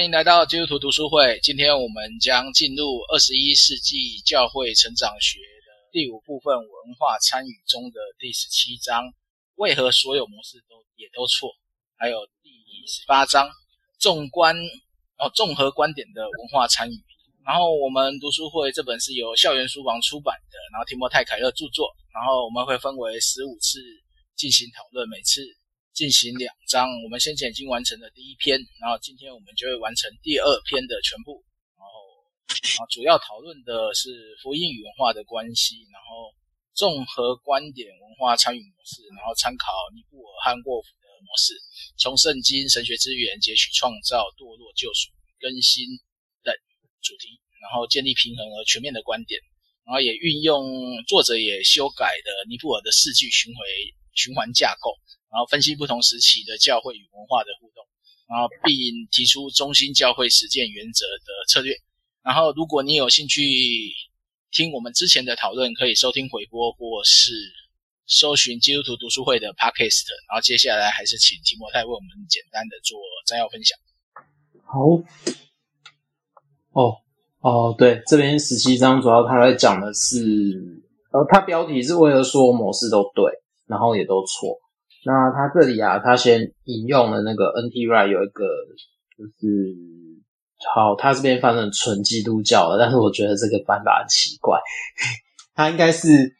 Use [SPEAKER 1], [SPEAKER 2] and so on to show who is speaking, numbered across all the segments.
[SPEAKER 1] 歡迎來到基督徒讀書會。今天我們將進入二十一世紀教會成長學的第五部分——文化參與中的第十七章：為何所有模式都也都錯？還有第十八章：縱觀哦，綜合觀點的文化參與。然後我們讀書會這本是由校園書房出版的，然後提摩太凱勒著作。然後我們會分為十五次進行討論，每次。進行兩章，我們先前已經完成了第一篇，然後今天我們就會完成第二篇的全部。然後啊，然後主要討論的是福音與文化的關係，然後綜合觀點、文化參與模式，然後參考尼布爾和過府的模式，從聖經神學資源截取創造、墮落、救贖、更新等主題，然後建立平衡而全面的觀點，然後也運用作者也修改的尼布爾的四句循環循環架構。然後分析不同時期的教會與文化的互動，然後並提出中心教會實踐原則的策略。然後，如果你有興趣聽我們之前的討論，可以收聽回播或是搜尋基督徒讀書會的 podcast。然後，接下來還是請提摩太為我們簡單的做摘要分享。
[SPEAKER 2] 好，哦，哦，對，這邊十七章主要他來講的是，呃，他標題是為何所有模式都對，然後也都錯。那他這裡啊，他先引用了那個 N T Wright 有一個，就是好，他這邊翻成純基督教了，但是我覺得這個辦法很奇怪， 他應該是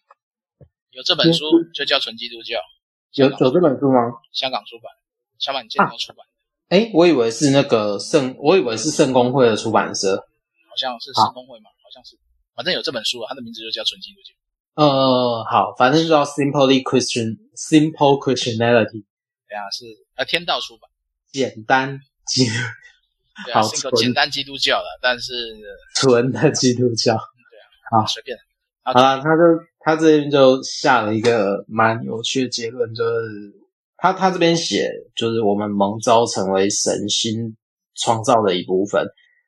[SPEAKER 1] 有這本書就叫純基督教，嗯、
[SPEAKER 2] 有有這本書嗎？
[SPEAKER 1] 香港出版，香港基督教出版
[SPEAKER 2] 的，哎、啊欸，我以為是那個聖，我以為是聖公會的出版社，
[SPEAKER 1] 好像是聖公會嘛好，好像是，反正有這本書啊，它的名字就叫純基督教。
[SPEAKER 2] 呃，好，反正就叫 simply Christian，simple Christianity，對
[SPEAKER 1] 啊，是，呃，天道出版，
[SPEAKER 2] 簡單基督，
[SPEAKER 1] 對、啊、好簡單基督教了，但是純的
[SPEAKER 2] 基督教，
[SPEAKER 1] 對啊，好，隨便，好啊，
[SPEAKER 2] 他就他這邊就下了一個蠻有趣的結論，就是他他這邊寫，就是我們蒙召成為神心創造的一部分，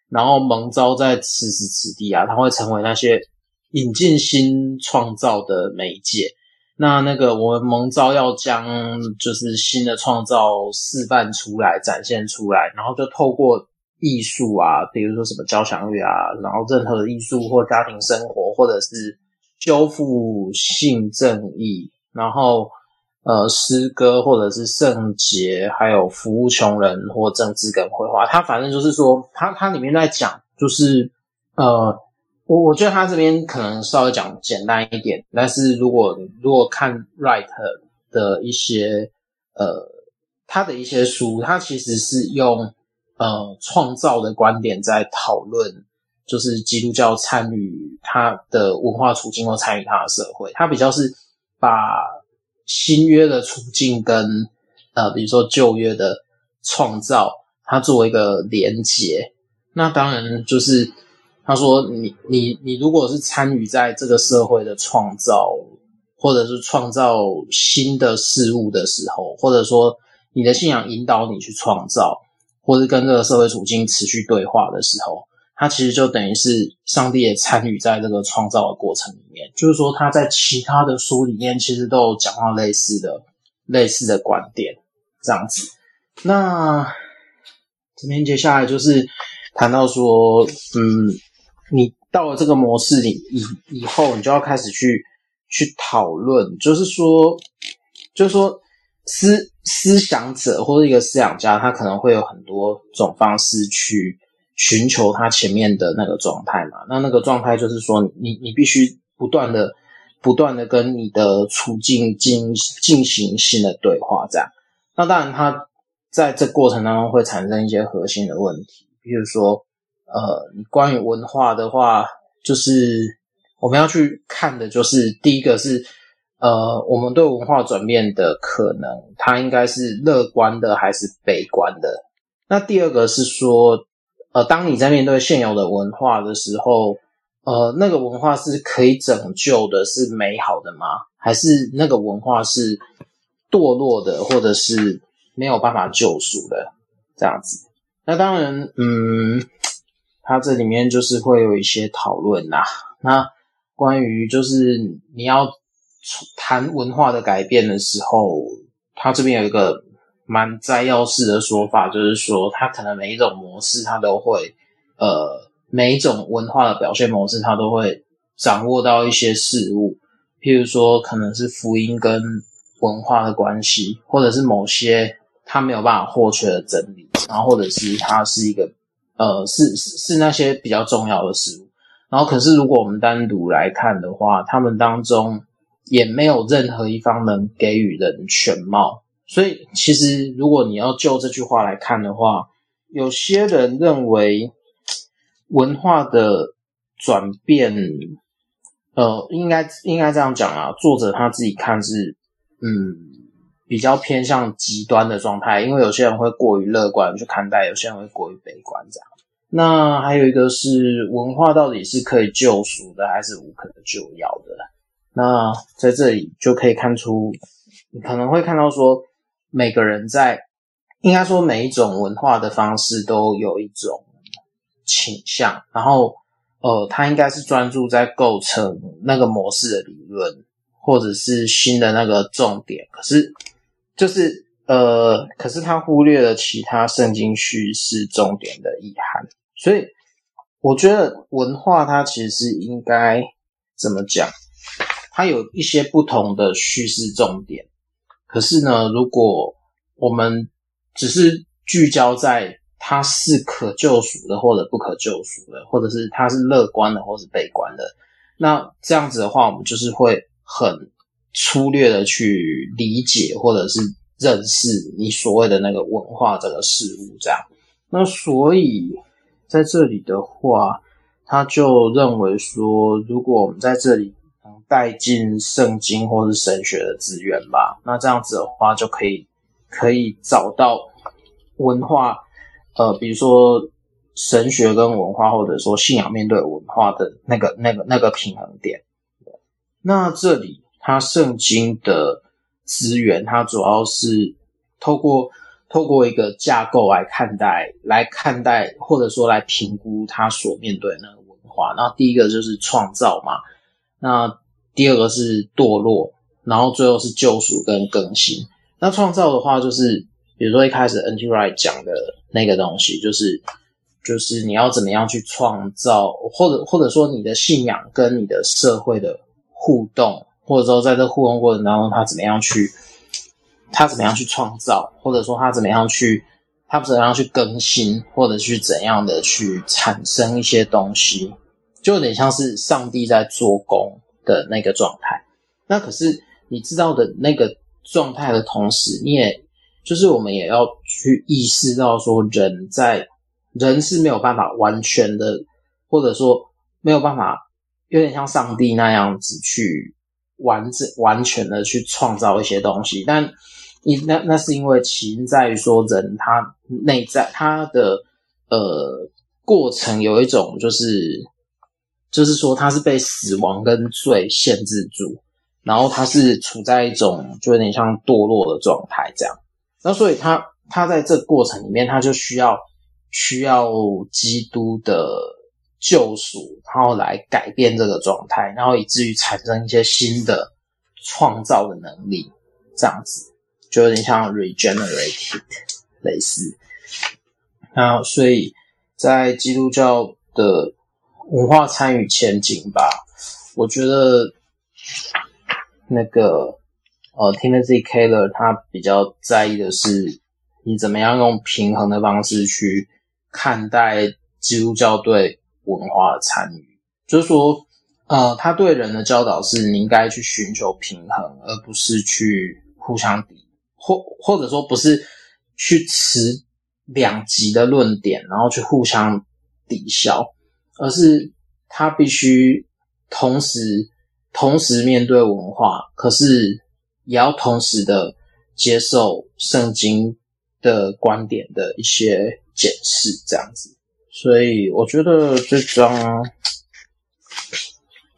[SPEAKER 2] 然後蒙召在此時此，此地啊，他會成為那些。引進新創造的媒介，那那個我們蒙召要將就是新的創造示範出來、展現出來，然後就透過藝術啊，比如說什麼交響樂啊，然後任何藝術或家庭生活，或者是修復性正義，然後，呃，詩歌或者是聖潔，還有服務窮人或政治跟繪畫，它，反正就是說，它它裡面在講就是呃。我我覺得他這邊可能稍微講簡單一點，但是如果如果看 Wright 的一些呃，他的一些書，他其實是用呃創造的觀點在討論，就是基督教參與他的文化處境或參與他的社會。他比較是把新約的處境跟呃，比如說舊約的創造，他作為一個連結，那當然就是。他說：“你、你、你，如果是參與在這個社會的創造，或者是創造新的事物的時候，或者說你的信仰引導你去創造，或是跟這個社會處境持續對話的時候，他其實就等於是上帝也參與在這個創造的過程裡面。就是說，他在其他的書裡面其實都有講到類似的、類似的觀點這樣子。那這邊接下來就是談到說，嗯。”你到了這個模式裡以以後，你就要開始去去討論，就是說，就是說思，思思想者，或者一個思想家，他可能會有很多種方式去尋求他前面的那個狀態嘛。那那個狀態就是說你，你你必須不斷的不斷的跟你的處境進進行新的對話，這樣。那當然，他在這過程當中會產生一些核心的問題，比如說。呃，關於文化的話，就是我們要去看的，就是第一個是，呃，我們對文化轉變的可能，它應該是樂觀的還是悲觀的？那第二個是說，呃，當你在面對現有的文化的時候，呃，那個文化是可以拯救的，是美好的嗎？還是那個文化是墮落的，或者是沒有辦法救贖的？這樣子。那當然，嗯。它這裡面就是會有一些討論啦、啊，那關於就是你要談文化的改變的時候，它這邊有一個蠻摘要式的說法，就是說它可能每一種模式它都會，呃，每一種文化的表現模式它都會掌握到一些事物，譬如說可能是福音跟文化的關係，或者是某些它沒有辦法獲取的真理，然後或者是它是一個。呃，是是是那些比較重要的事物，然後可是如果我們單獨來看的話，他們當中也沒有任何一方能給予人全貌，所以其實如果你要就這句話來看的話，有些人認為文化的轉變，呃，應該應該這樣講啊，作者他自己看是，嗯。比較偏向極端的狀態，因為有些人會過於樂觀去看待，有些人會過於悲觀這樣。那還有一個是文化到底是可以救贖的，還是無可救藥的？那在這裡就可以看出，你可能會看到說每個人在，應該說每一種文化的方式都有一種傾向，然後呃，他應該是專注在構成那個模式的理論，或者是新的那個重點，可是就是呃，可是他忽略了其他聖經敘事重點的遺憾，所以我覺得文化它其實是應該怎麼講？它有一些不同的敘事重點，可是呢，如果我們只是聚焦在它是可救贖的或者不可救贖的，或者是它是樂觀的或是悲觀的，那這樣子的話，我們就是會很。粗略的去理解或者是認識你所謂的那個文化這個事物，這樣。那所以在這裡的話，他就認為說，如果我們在這裡能帶進聖經或是神學的資源吧，那這樣子的話就可以可以找到文化，呃，比如說神學跟文化，或者說信仰面對文化的那個那個那個平衡點。那這裡。他聖經的資源，它主要是透過透過一個架構來看待來看待，或者說來評估他所面對的那個文化。然後第一個就是創造嘛，那第二個是墮落，然後最後是救贖跟更新。那創造的話，就是比如說一開始 NT Wright 講的那個東西，就是就是你要怎麼樣去創造，或者或者說你的信仰跟你的社會的互動。或者說，在這互動過程當中，他怎麼樣去，他怎麼樣去創造，或者說他怎麼樣去，他怎麼樣去更新，或者去怎樣的去產生一些東西，就有點像是上帝在做工的那個狀態。那可是你知道的那個狀態的同時，你也就是我們也要去意識到，說人在，人是沒有辦法完全的，或者說沒有辦法，有點像上帝那樣子去。完整完全的去創造一些東西，但你那那，那是因為起因在於說，人他內在他的呃過程有一種，就是就是說他是被死亡跟罪限制住，然後他是處在一種就有點像墮落的狀態這樣，那所以他他在這過程裡面，他就需要需要基督的。救贖，然後來改變這個狀態，然後以至於產生一些新的創造的能力，這樣子就有點像 regenerated 類似。那所以，在基督教的文化參與前景吧，我覺得那個呃，Timothy Keller 他比較在意的是，你怎麼樣用平衡的方式去看待基督教對。文化的參與，就是說，呃，他對人的教導是，你應該去尋求平衡，而不是去互相抵，或或者說不是去持兩極的論點，然後去互相抵消，而是他必須同時同時面對文化，可是也要同時的接受聖經的觀點的一些解釋，這樣子。所以我覺得這張、啊，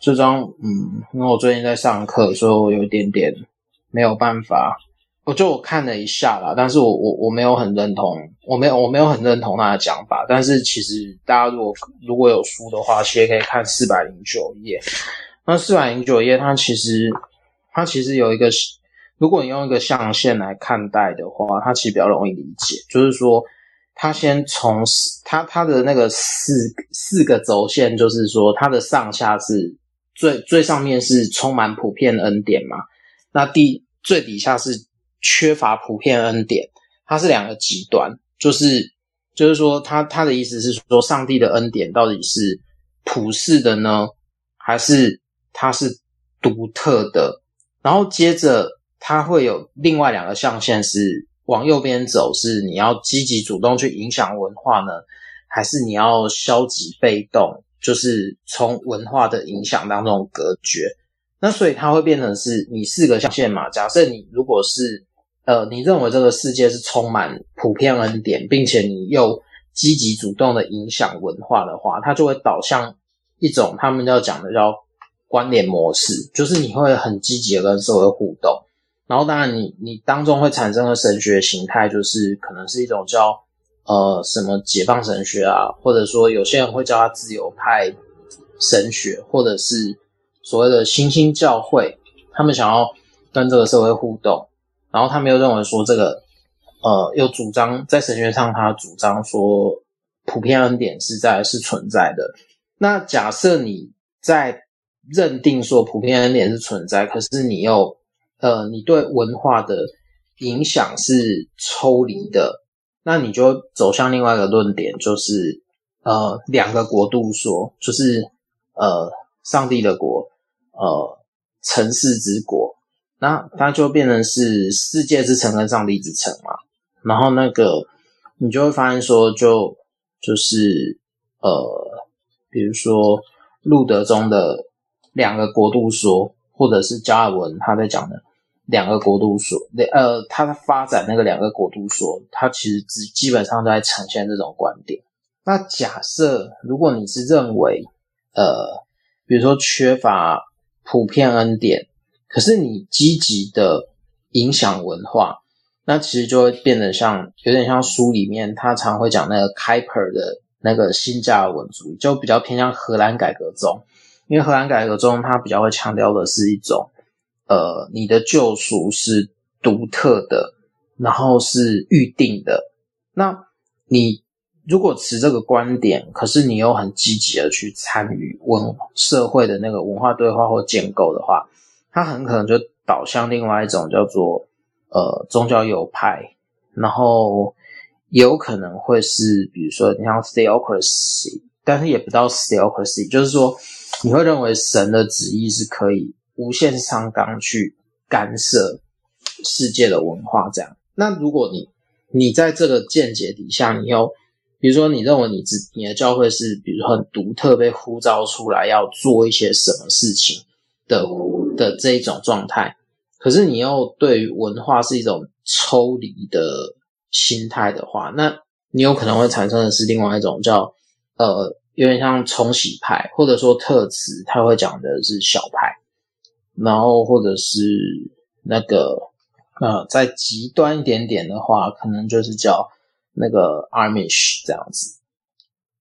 [SPEAKER 2] 這張，嗯，因為我最近在上課，所以我有一點點沒有辦法。我就我看了一下啦，但是我我我沒有很認同，我沒有我沒有很認同他的講法。但是其實大家如果如果有書的話，其實可以看四百零九頁。那四百零九頁它其實它其實有一個，如果你用一個象限來看待的話，它其實比較容易理解，就是說。他先從四，他他的那個四四個軸線，就是說，它的上下是最最上面是充滿普遍恩典嘛，那第最底下是缺乏普遍恩典，它是兩個極端，就是就是說它，他他的意思是說，上帝的恩典到底是普世的呢，還是它是獨特的？然後接着它會有另外兩個象限是。往右邊走是你要積極主動去影響文化呢，還是你要消極被動？就是從文化的影響當中隔絕。那所以它會變成是你四個象限嘛？假設你如果是呃，你認為這個世界是充滿普遍恩典，並且你又積極主動的影響文化的話，它就會導向一種他們要講的叫關聯模式，就是你會很積極的跟社會互動。然後當然你，你你當中會產生的神學形態，就是可能是一種叫呃什麼解放神學啊，或者說有些人會叫他自由派神學，或者是所謂的新興教會，他們想要跟這個社會互動，然後他們又認為說這個呃又主張在神學上他主張說普遍恩典是在是存在的。那假設你在認定說普遍恩典是存在，可是你又。呃，你對文化的影響是抽離的，那你就走向另外一個論點，就是呃，兩個國度說，就是呃，上帝的國，呃，城市之國，那它就變成是世界之城跟上帝之城嘛。然後那個你就會發現說就，就就是呃，比如說路德中的兩個國度說，或者是加爾文他在講的。兩個國度說，那呃，他的發展那個兩個國度說，他其實只基本上都在呈現這種觀點。那假設如果你是認為，呃，比如說缺乏普遍恩典，可是你積極的影響文化，那其實就會變得像有點像書裡面他常會講那個開普爾的那個新加爾文主義，就比較偏向荷蘭改革宗。因為荷蘭改革宗，他比較會強調的是一種。呃，你的救贖是獨特的，然後是預定的。那你如果持這個觀點，可是你又很積極的去參與文社會的那個文化對話或建構的話，它很可能就導向另外一種叫做呃宗教右派，然後也有可能會是比如說你像 theocracy，但是也不到 theocracy，就是說你會認為神的旨意是可以。無限上綱去干涉世界的文化，這樣。那如果你你在這個見解底下，你又，比如說你認為你自你的教會是，比如說很獨特，被呼召出來要做一些什麼事情的的這一種狀態，可是你又對於文化是一種抽離的心態的話，那你有可能會產生的是另外一種叫呃，有點像重洗派，或者說特慈，他會講的是小派。然後，或者是那個，呃，再極端一點點的話，可能就是叫那個 Amish 這樣子。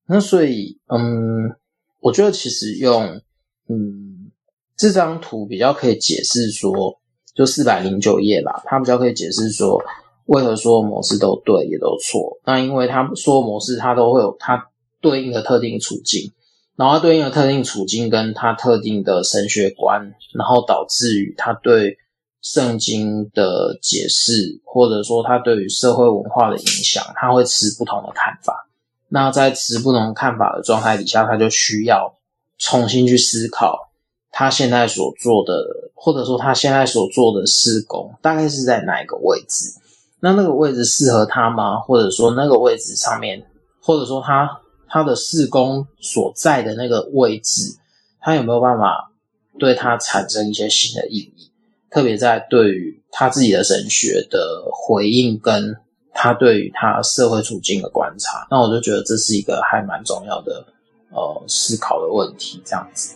[SPEAKER 2] 那所以，嗯，我覺得其實用，嗯，這張圖比較可以解釋說，就四百零九頁吧，它比較可以解釋說，為何所有模式都對也都錯。那因為他所有模式，它都會有它對應的特定處境。然後他對應的特定處境跟他特定的神學觀，然後導致於他對聖經的解釋，或者說他對於社會文化的影響，他會持不同的看法。那在持不同的看法的狀態底下，他就需要重新去思考他現在所做的，或者說他現在所做的事工大概是在哪一個位置？那那個位置適合他嗎？或者說那個位置上面，或者說他。他的事工所在的那個位置，他有沒有辦法對他產生一些新的意義？特別在對於他自己的神學的回應，跟他對於他社會處境的觀察，那我就覺得這是一個還蠻重要的呃思考的問題。這樣子，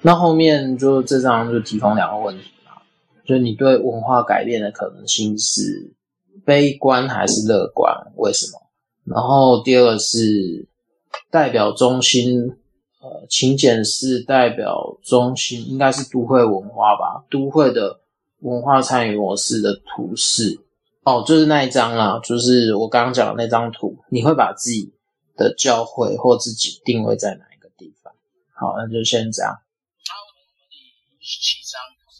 [SPEAKER 2] 那後面就這章就提供兩個問題啊，就是你對文化改變的可能性是悲觀還是樂觀？為什麼？然後第二個是。代表中心，呃，請儉是代表中心，應該是都會文化吧？都會的文化參與模式的圖示，哦，就是那一張啦、啊，就是我剛剛講的那張圖。你會把自己的教會或自己定位在哪一個地方？好，那就先這樣。我
[SPEAKER 1] 們第十七章，的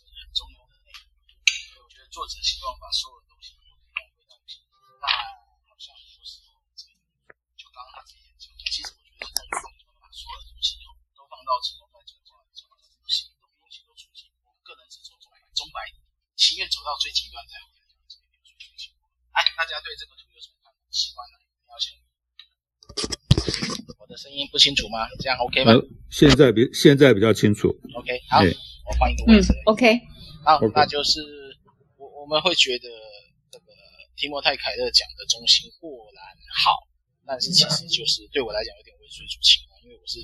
[SPEAKER 1] 我覺得作者希望把所有。我東個人情願走到最極端，這邊水大家對這個圖有什麼的我，我的聲音不清楚嗎？這樣 OK 嗎？好，
[SPEAKER 3] 現在比現在比較清楚。OK，好，
[SPEAKER 1] 我換一
[SPEAKER 4] 個位置。OK，、
[SPEAKER 1] mm. 好，那就是我我們會覺得這、那個提摩太凱勒講的中心固然好，但是其實就是對我來講有點溫水煮青蛙。因為我是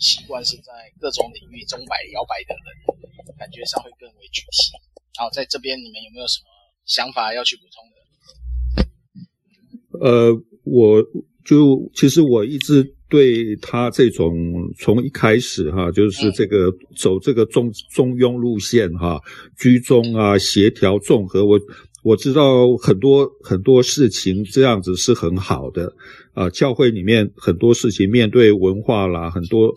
[SPEAKER 1] 習慣是在各種領域中擺搖擺的人，感覺上會更為具體。然後，在這邊，你們有沒有什麼想法要去補充的？
[SPEAKER 3] 呃，我就其實我一直對他這種從一開始哈、啊，就是這個、嗯、走這個中中庸路線哈、啊，居中啊，協調綜合我。我知道很多很多事情這樣子是很好的，啊，教會裡面很多事情面對文化啦，很多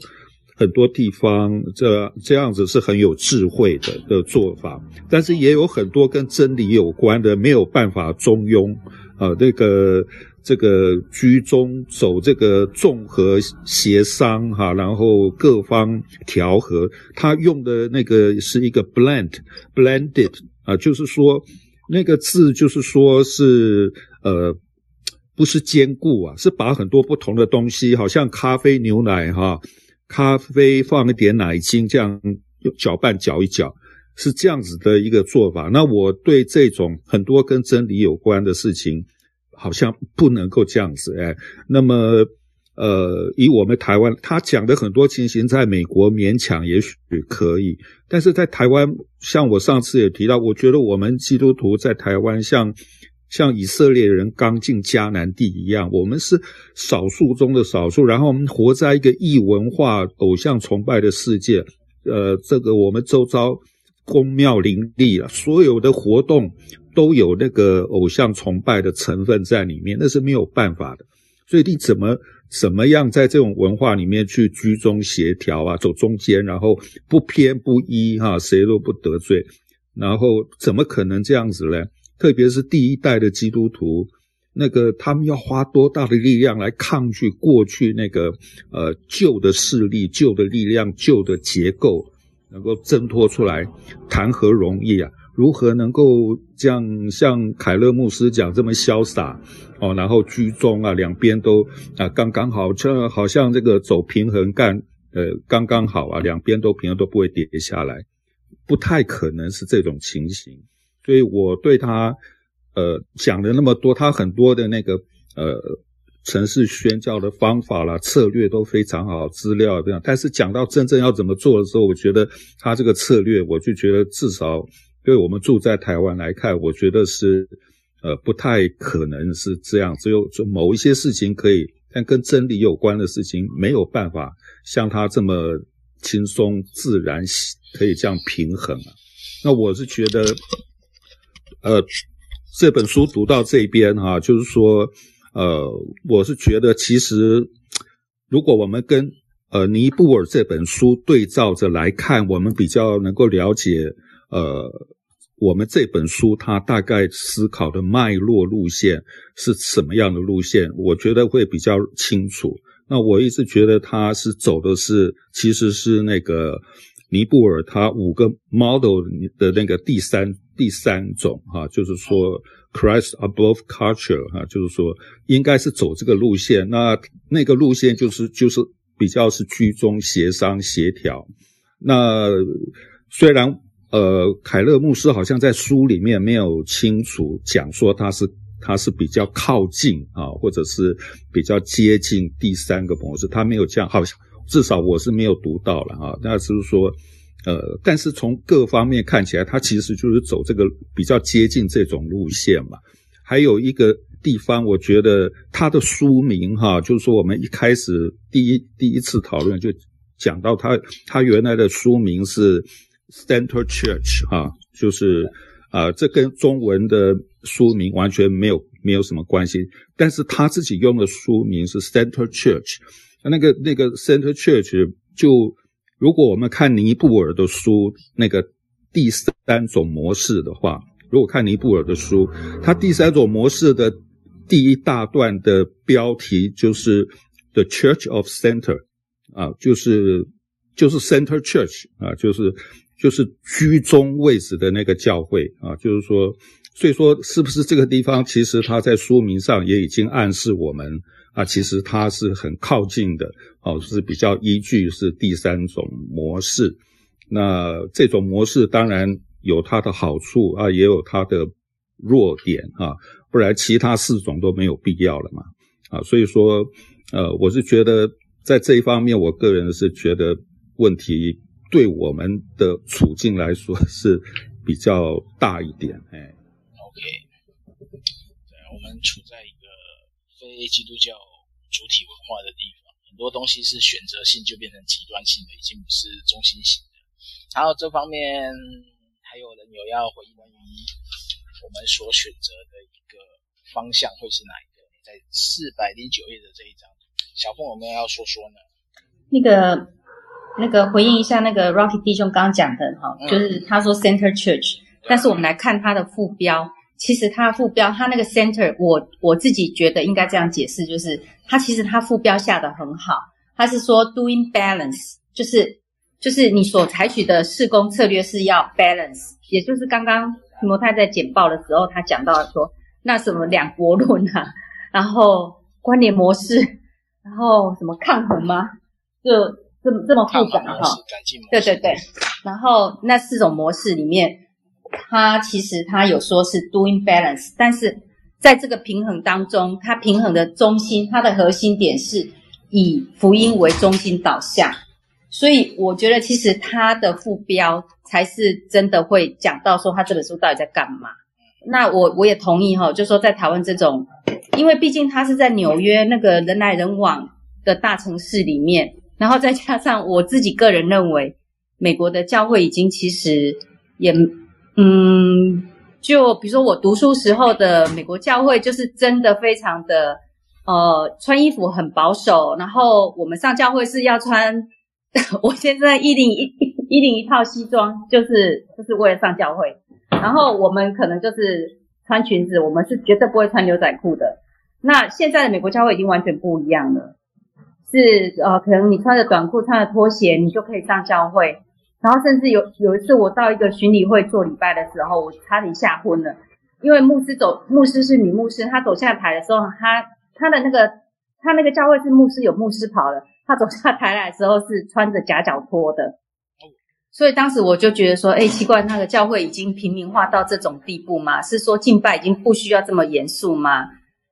[SPEAKER 3] 很多地方這這樣子是很有智慧的的做法，但是也有很多跟真理有關的沒有辦法中庸啊，那個這個居中走這個綜合協商哈，啊，然後各方調和，他用的那個是一個 blend blended 啊，就是說。那個字就是說是，是呃，不是堅固啊，是把很多不同的東西，好像咖啡、牛奶哈，咖啡放一點奶精，這樣攪拌攪一攪，是這樣子的一個做法。那我對這種很多跟真理有關的事情，好像不能夠這樣子哎。那麼。呃，以我們台灣，他講的很多情形，在美國勉強也許可以，但是在台灣，像我上次也提到，我覺得我們基督徒在台灣像，像像以色列人剛進迦南地一樣，我們是少數中的少數，然後我們活在一個異文化偶像崇拜的世界，呃，這個我們周遭宮廟林立啊，所有的活動都有那個偶像崇拜的成分在裡面，那是沒有辦法的，所以你怎麼？怎麼樣在這種文化裡面去居中協調啊，走中間，然後不偏不倚哈、啊，誰都不得罪，然後怎麼可能這樣子呢？特別是第一代的基督徒，那個他們要花多大的力量來抗拒過去那個呃舊的勢力、舊的力量、舊的結構，能夠掙脫出來，談何容易啊？如何能夠像像凱勒牧師講這麼瀟灑哦？然後居中啊，兩邊都啊，剛剛好，這、呃、好像這個走平衡桿呃，剛剛好啊，兩邊都平衡都不會跌下來，不太可能是這種情形。所以我對他，呃，講了那麼多，他很多的那個呃，城市宣教的方法啦、啊、策略都非常好，資料這樣。但是講到真正要怎麼做的時候，我覺得他這個策略，我就覺得至少。對我們住在台灣來看，我覺得是呃不太可能是這樣。只有就某一些事情可以，但跟真理有關的事情沒有辦法像他這麼輕鬆自然，可以這樣平衡啊。那我是覺得，呃，這本書讀到這邊啊，就是說，呃，我是覺得其實如果我們跟呃尼布爾這本書對照着來看，我們比較能夠了解。呃，我們這本書它大概思考的脈絡路線是什麼樣的路線？我覺得會比較清楚。那我一直覺得他是走的是，其實是那個尼布爾他五個 model 的那個第三第三種哈、啊，就是說 Christ above culture 哈、啊，就是說應該是走這個路線。那那個路線就是就是比較是居中協商協調。那雖然。呃，凱勒牧師好像在書裡面沒有清楚講說他是他是比較靠近啊，或者是比較接近第三個模式，他沒有這樣。好像至少我是沒有讀到了哈。那就是說，呃，但是從各方面看起來，他其實就是走這個比較接近這種路線嘛。還有一個地方，我覺得他的書名哈，就是說我們一開始第一第一次討論就講到他他原來的書名是。Center Church 啊，就是啊，這跟中文的書名完全沒有沒有什麼關係。但是他自己用的書名是 Center Church。那那個那個 Center Church，就如果我們看尼布爾的書，那個第三種模式的話，如果看尼布爾的書，他第三種模式的第一大段的標題就是 The Church of Center 啊，就是就是 Center Church 啊，就是。就是居中位置的那個教會啊，就是說，所以說是不是這個地方，其實它在說明上也已經暗示我們啊，其實它是很靠近的哦，啊，是比較依據是第三種模式。那這種模式當然有它的好處啊，也有它的弱點啊，不然其他四種都沒有必要了嘛啊，所以說，呃，我是覺得在這一方面，我個人是覺得問題。對我們的處境來說是比較大一點，欸，OK，
[SPEAKER 1] 對，我們處在一個非基督教主體文化的地方，很多東西是選擇性就變成極端性的，已經不是中心性的。然後這方面還有人有要回應關於我們所選擇的一個方向會是哪一個？在四百零九頁的這一章，小鳳我們要說說呢，
[SPEAKER 4] 那個。那個回應一下那個 Rocky 弟兄剛剛講的哈，就是他說 Center Church，但是我們來看他的副標，其實他副標他那個 Center，我我自己覺得應該這樣解釋，就是他其實他副標下得很好，他是說 Doing Balance，就是就是你所採取的事工策略是要 Balance，也就是剛剛摩太在簡報的時候他講到說，那什麼兩國論啊，然後關聯模式，然後什麼抗衡嗎、啊？就。這麼這麼複雜哈？對對對。然後那四種模式裡面，它其實它有說是 doing balance，但是在這個平衡當中，它平衡的中心，它的核心點是以福音為中心導向。所以我覺得其實它的副標才是真的會講到說他這本書到底在幹嘛。那我我也同意哈、哦，就說在討論這種，因為畢竟他是在紐約那個人來人往的大城市裡面。然後再加上我自己個人認為，美國的教會已經其實也，嗯，就比如說我讀書時候的美國教會就是真的非常的，呃，穿衣服很保守。然後我們上教會是要穿，我現在一零一一零一套西裝，就是就是為了上教會。然後我們可能就是穿裙子，我們是絕對不會穿牛仔褲的。那現在的美國教會已經完全不一樣了。是呃，可能你穿着短褲、穿着拖鞋，你就可以上教會。然後甚至有有一次，我到一個循理會做禮拜的時候，我差點嚇昏了，因為牧師走，牧師是女牧師，她走下台的時候，她她的那個她那個教會是牧師有牧師袍的。她走下台來的時候是穿着夾腳拖的，所以當時我就覺得說，哎，奇怪，那個教會已經平民化到這種地步嗎？是說敬拜已經不需要這麼嚴肅嗎？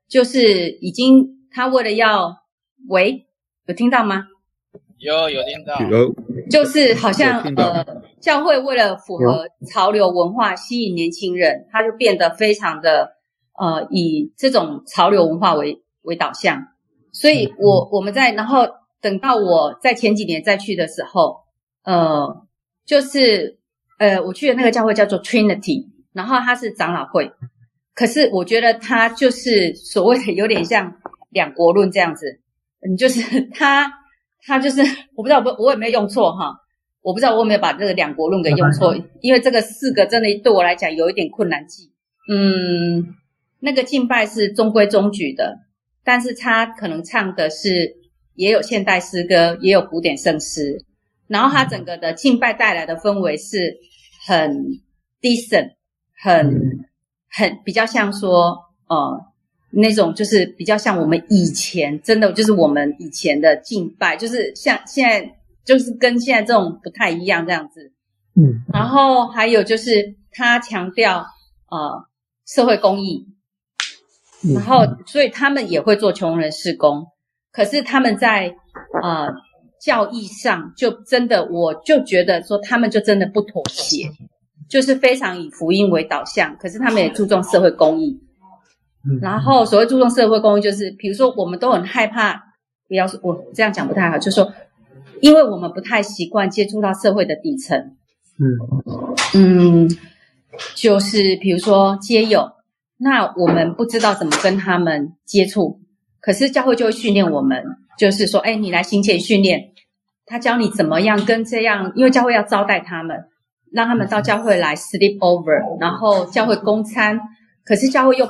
[SPEAKER 4] 就是已經他為了要喂。有聽到嗎？有有聽到。有。就是好像呃，教會為了符合潮流文化，吸引年輕人，他就變得非常的呃，以這種潮流文化為為導向。所以我我們在，然後等到我在前幾年再去的時候，呃，就是呃，我去的那個教會叫做 Trinity，然後它是長老會，可是我覺得它就是所謂的有點像兩國論這樣子。你就是他，他就是我不知道，我我有沒有用錯哈，我不知道我有沒有把這個兩國論給用錯，因為這個四個真的對我來講有一點困難記。嗯，那個敬拜是中規中矩的，但是他可能唱的是也有現代詩歌，也有古典聖詩，然後他整個的敬拜帶來的氛圍是很 decent，很很比較像說呃。那種就是比較像我們以前，真的就是我們以前的敬拜，就是像現在，就是跟現在這種不太一樣這樣子。嗯，然後還有就是他強調呃社會公益，然後所以他們也會做窮人事工，可是他們在呃教義上就真的，我就覺得說他們就真的不妥協，就是非常以福音為導向，可是他們也注重社會公益。然後，所謂注重社會公益，就是比如說，我們都很害怕，不要說，我這樣講不太好，就是、說，因為我們不太習慣接觸到社會的底層。嗯嗯，就是比如說街友，那我們不知道怎麼跟他們接觸，可是教會就會訓練我們，就是說，哎，你來行前訓練，他教你怎麼樣跟這樣，因為教會要招待他們，讓他們到教會來 sleep over，然後教會供餐，可是教會又。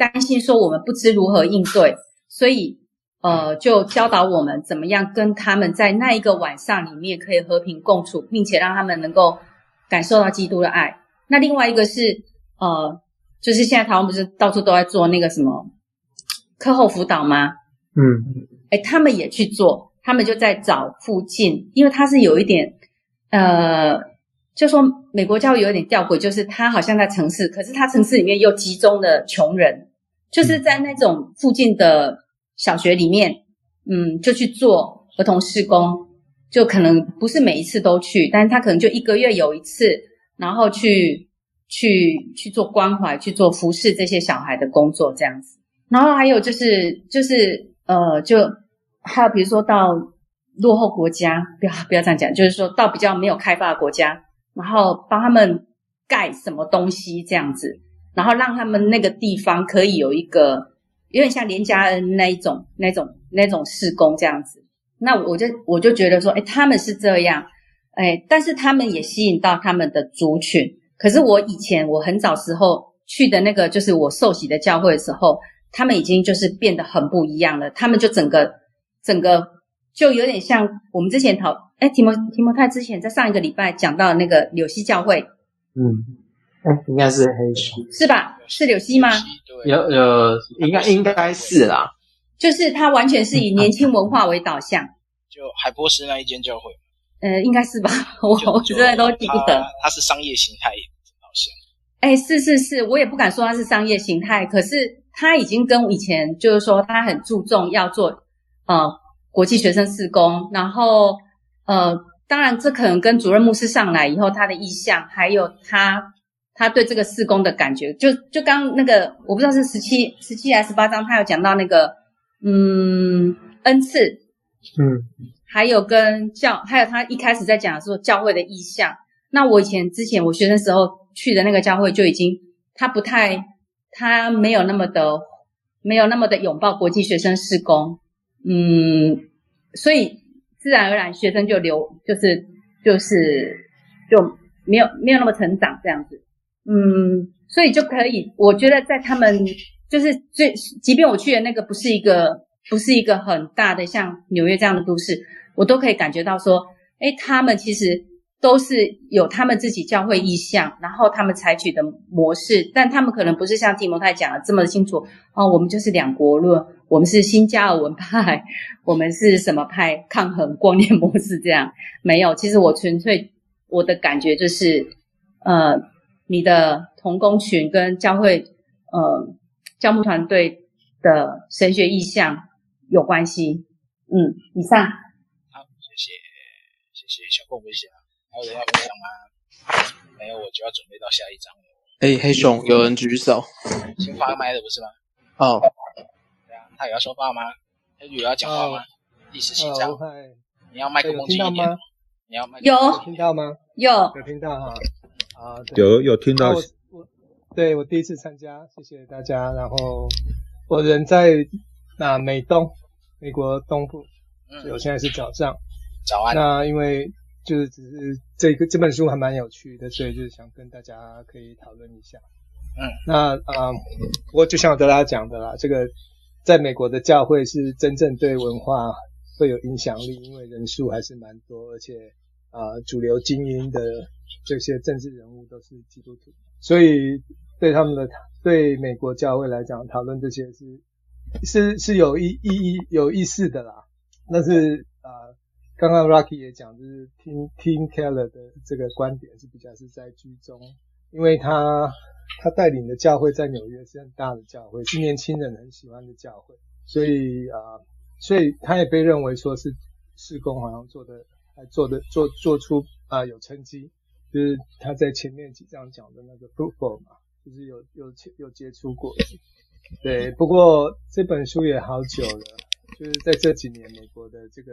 [SPEAKER 4] 擔心說我們不知如何應對，所以呃就教導我們怎麼樣跟他們在那一個晚上裡面可以和平共處，並且讓他們能夠感受到基督的愛。那另外一個是呃，就是現在台灣不是到處都在做那個什麼課後輔導嗎？嗯，哎，他們也去做，他們就在找附近，因為他是有一點呃，就說美國教育有一點吊詭，就是他好像在城市，可是他城市裡面又集中了窮人。就是在那種附近的小學裡面，嗯，就去做兒童事工，就可能不是每一次都去，但是他可能就一個月有一次，然後去去去做關懷，去做服侍這些小孩的工作這樣子。然後還有就是就是呃，就還有比如說到落後國家，不要不要這樣講，就是說到比較沒有開發的國家，然後幫他們蓋什麼東西這樣子。然後讓他們那個地方可以有一個有點像連家恩那一種、那種、那種事工這樣子。那我就我就覺得說，哎、欸，他們是這樣，哎、欸，但是他們也吸引到他們的族群。可是我以前我很早時候去的那個就是我受洗的教會的時候，他們已經就是變得很不一樣了。他們就整個整個就有點像我們之前討哎、欸、提摩提摩太之前在上一個禮拜講到那個柳溪教會，嗯。
[SPEAKER 2] 哎，應該是黑熊，
[SPEAKER 4] 是吧？是柳溪嗎？
[SPEAKER 2] 有有，
[SPEAKER 4] 應該應該是啦、啊。就是它完全是以年輕文化為導向，
[SPEAKER 1] 就海波斯那一間教會。
[SPEAKER 4] 呃，應該是吧？我我覺得都記不得。
[SPEAKER 1] 它是商業形態導
[SPEAKER 4] 向。欸，是是是，我也不敢說它是商業形態，可是他已經跟以前就是說，他很注重要做呃國際學生事工，然後呃，當然這可能跟主任牧師上來以後他的意向，還有他。他對這個事工的感覺，就就剛剛那個，我不知道是十七、十七還是十八章，他有講到那個，嗯，恩賜，嗯，還有跟教，還有他一開始在講的時候教會的意向。那我以前之前我學生時候去的那個教會就已經，他不太，他沒有那麼的，沒有那麼的擁抱國際學生事工，嗯，所以自然而然學生就留，就是就是就沒有沒有那麼成長這樣子。嗯，所以就可以，我覺得在他們就是最，即便我去的那個不是一個，不是一個很大的像紐約這樣的都市，我都可以感覺到說，哎，他們其實都是有他們自己教會意向，然後他們採取的模式，但他們可能不是像提摩太講的這麼清楚啊、哦，我們就是兩國論，我們是新加爾文派，我們是什麼派抗衡光年模式這樣，沒有，其實我純粹我的感覺就是，呃。你的同工群跟教會，呃，教牧團隊的神學意向有關係，嗯，以上。
[SPEAKER 1] 好、啊，謝謝，謝謝小顧分享。還有人要分享嗎？有有 沒有，我就要準備到下一章了。
[SPEAKER 2] 哎，黑熊，有人舉手？
[SPEAKER 1] 先 發麥的不是嗎？哦、嗯對
[SPEAKER 2] 啊，他也要說話
[SPEAKER 1] 嗎他也、哦、要講話嗎？第十七章你要麥克風聽到嗎？你要麥克風，有
[SPEAKER 5] 聽，到你要麥克風有聽到嗎？有，有，有聽到嗎？有，有，有，有，有聽到哈。有有有啊，有有聽到。我，我，對，我第一次參加，謝謝大家。然後我人在啊美東，美國東部。嗯，我現在是早上。早安。那因為就是只是這個這本書還蠻有趣的，所以就是想跟大家可以討論一下。嗯，那啊，我就像德拉講的啦，這個在美國的教會是真正對文化會有影響力，因為人數還是蠻多，而且啊主流精英的。這些政治人物都是基督徒，所以對他們的對美國教會來講，討論這些是是是有意意有意思的啦。但是啊、呃，剛剛 Rocky 也講，就是聽聽 Keller 的這個觀點是比較是在居中，因為他他帶領的教會，在紐約是很大的教會，是年輕人很喜歡的教會，所以啊、呃，所以他也被認為說是事工好像做的還做的做做出啊、呃、有成績。就是他在前面幾章講的那個 football 嘛，就是有有有接觸過，對。不過這本書也好久了，就是在這幾年，美國的這個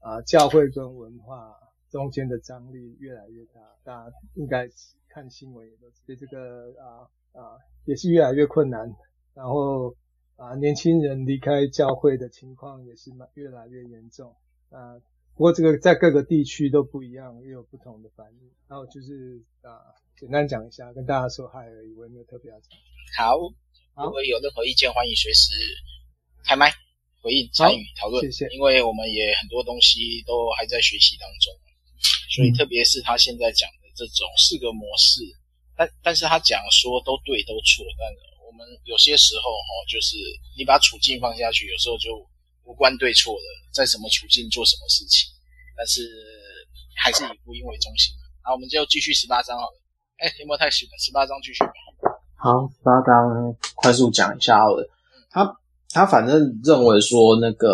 [SPEAKER 5] 啊、呃、教會跟文化中間的張力越來越大，大家應該看新聞也都知道，這個啊啊、呃呃、也是越來越困難。然後啊、呃，年輕人離開教會的情況也是越來越嚴重啊。呃不過這個在各個地區都不一樣，也有不同的反應。然後就是啊，簡單講一下，跟大家說嗨而已，我也沒有特別要講。好，如果有任何意見，歡迎
[SPEAKER 1] 隨時開麥回應、參與、哦、討論。謝謝。因為我們也很多東西都還在學習當中，所以特別是他現在講的這種四個模式，但但是他講說都對都錯。但我們有些時候哈，就是你把處境放下去，有時候就。無關對錯的，在什麼處境做什麼事情，但是還是以福音為中心 好，我們就繼續十八章好了。哎，有沒有太行了，十八章繼續吧。
[SPEAKER 2] 好，十八章快速講一下。好了、嗯、他他反正認為說那個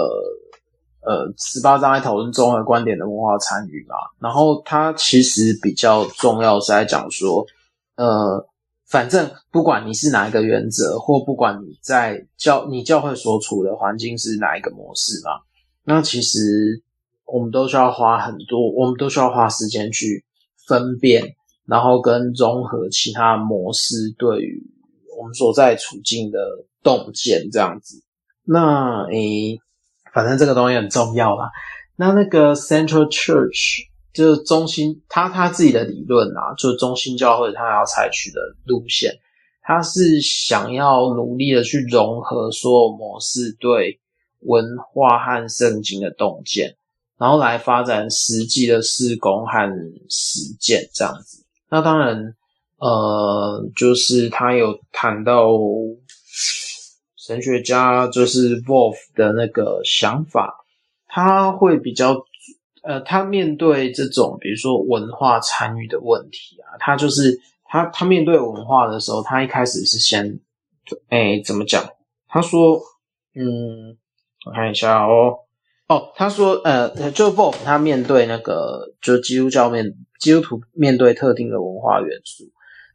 [SPEAKER 2] 呃，十八章在討論綜合觀點的文化參與吧。然後他其實比較重要是在講說，呃。反正不管你是哪一個原則，或不管你在教你教會所處的環境是哪一個模式嘛，那其實我們都需要花很多，我們都需要花時間去分辨，然後跟綜合其他模式對於我們所在處境的洞見這樣子。那誒、欸，反正這個東西很重要啦。那那個 Central Church。就是中心，他他自己的理論啊，就是中心教會他要採取的路線，他是想要努力的去融合所有模式對文化和聖經的洞見，然後來發展實際的事工和實踐這樣子。那當然，呃，就是他有談到神學家就是 Volf 的那個想法，他會比較。呃，他面對這種比如說文化參與的問題啊，他就是他他面對文化的時候，他一開始是先，哎、欸，怎麼講？他說，嗯，我看一下哦哦，他說，呃，就 Bob 他面對那個就是基督教面基督徒面對特定的文化元素，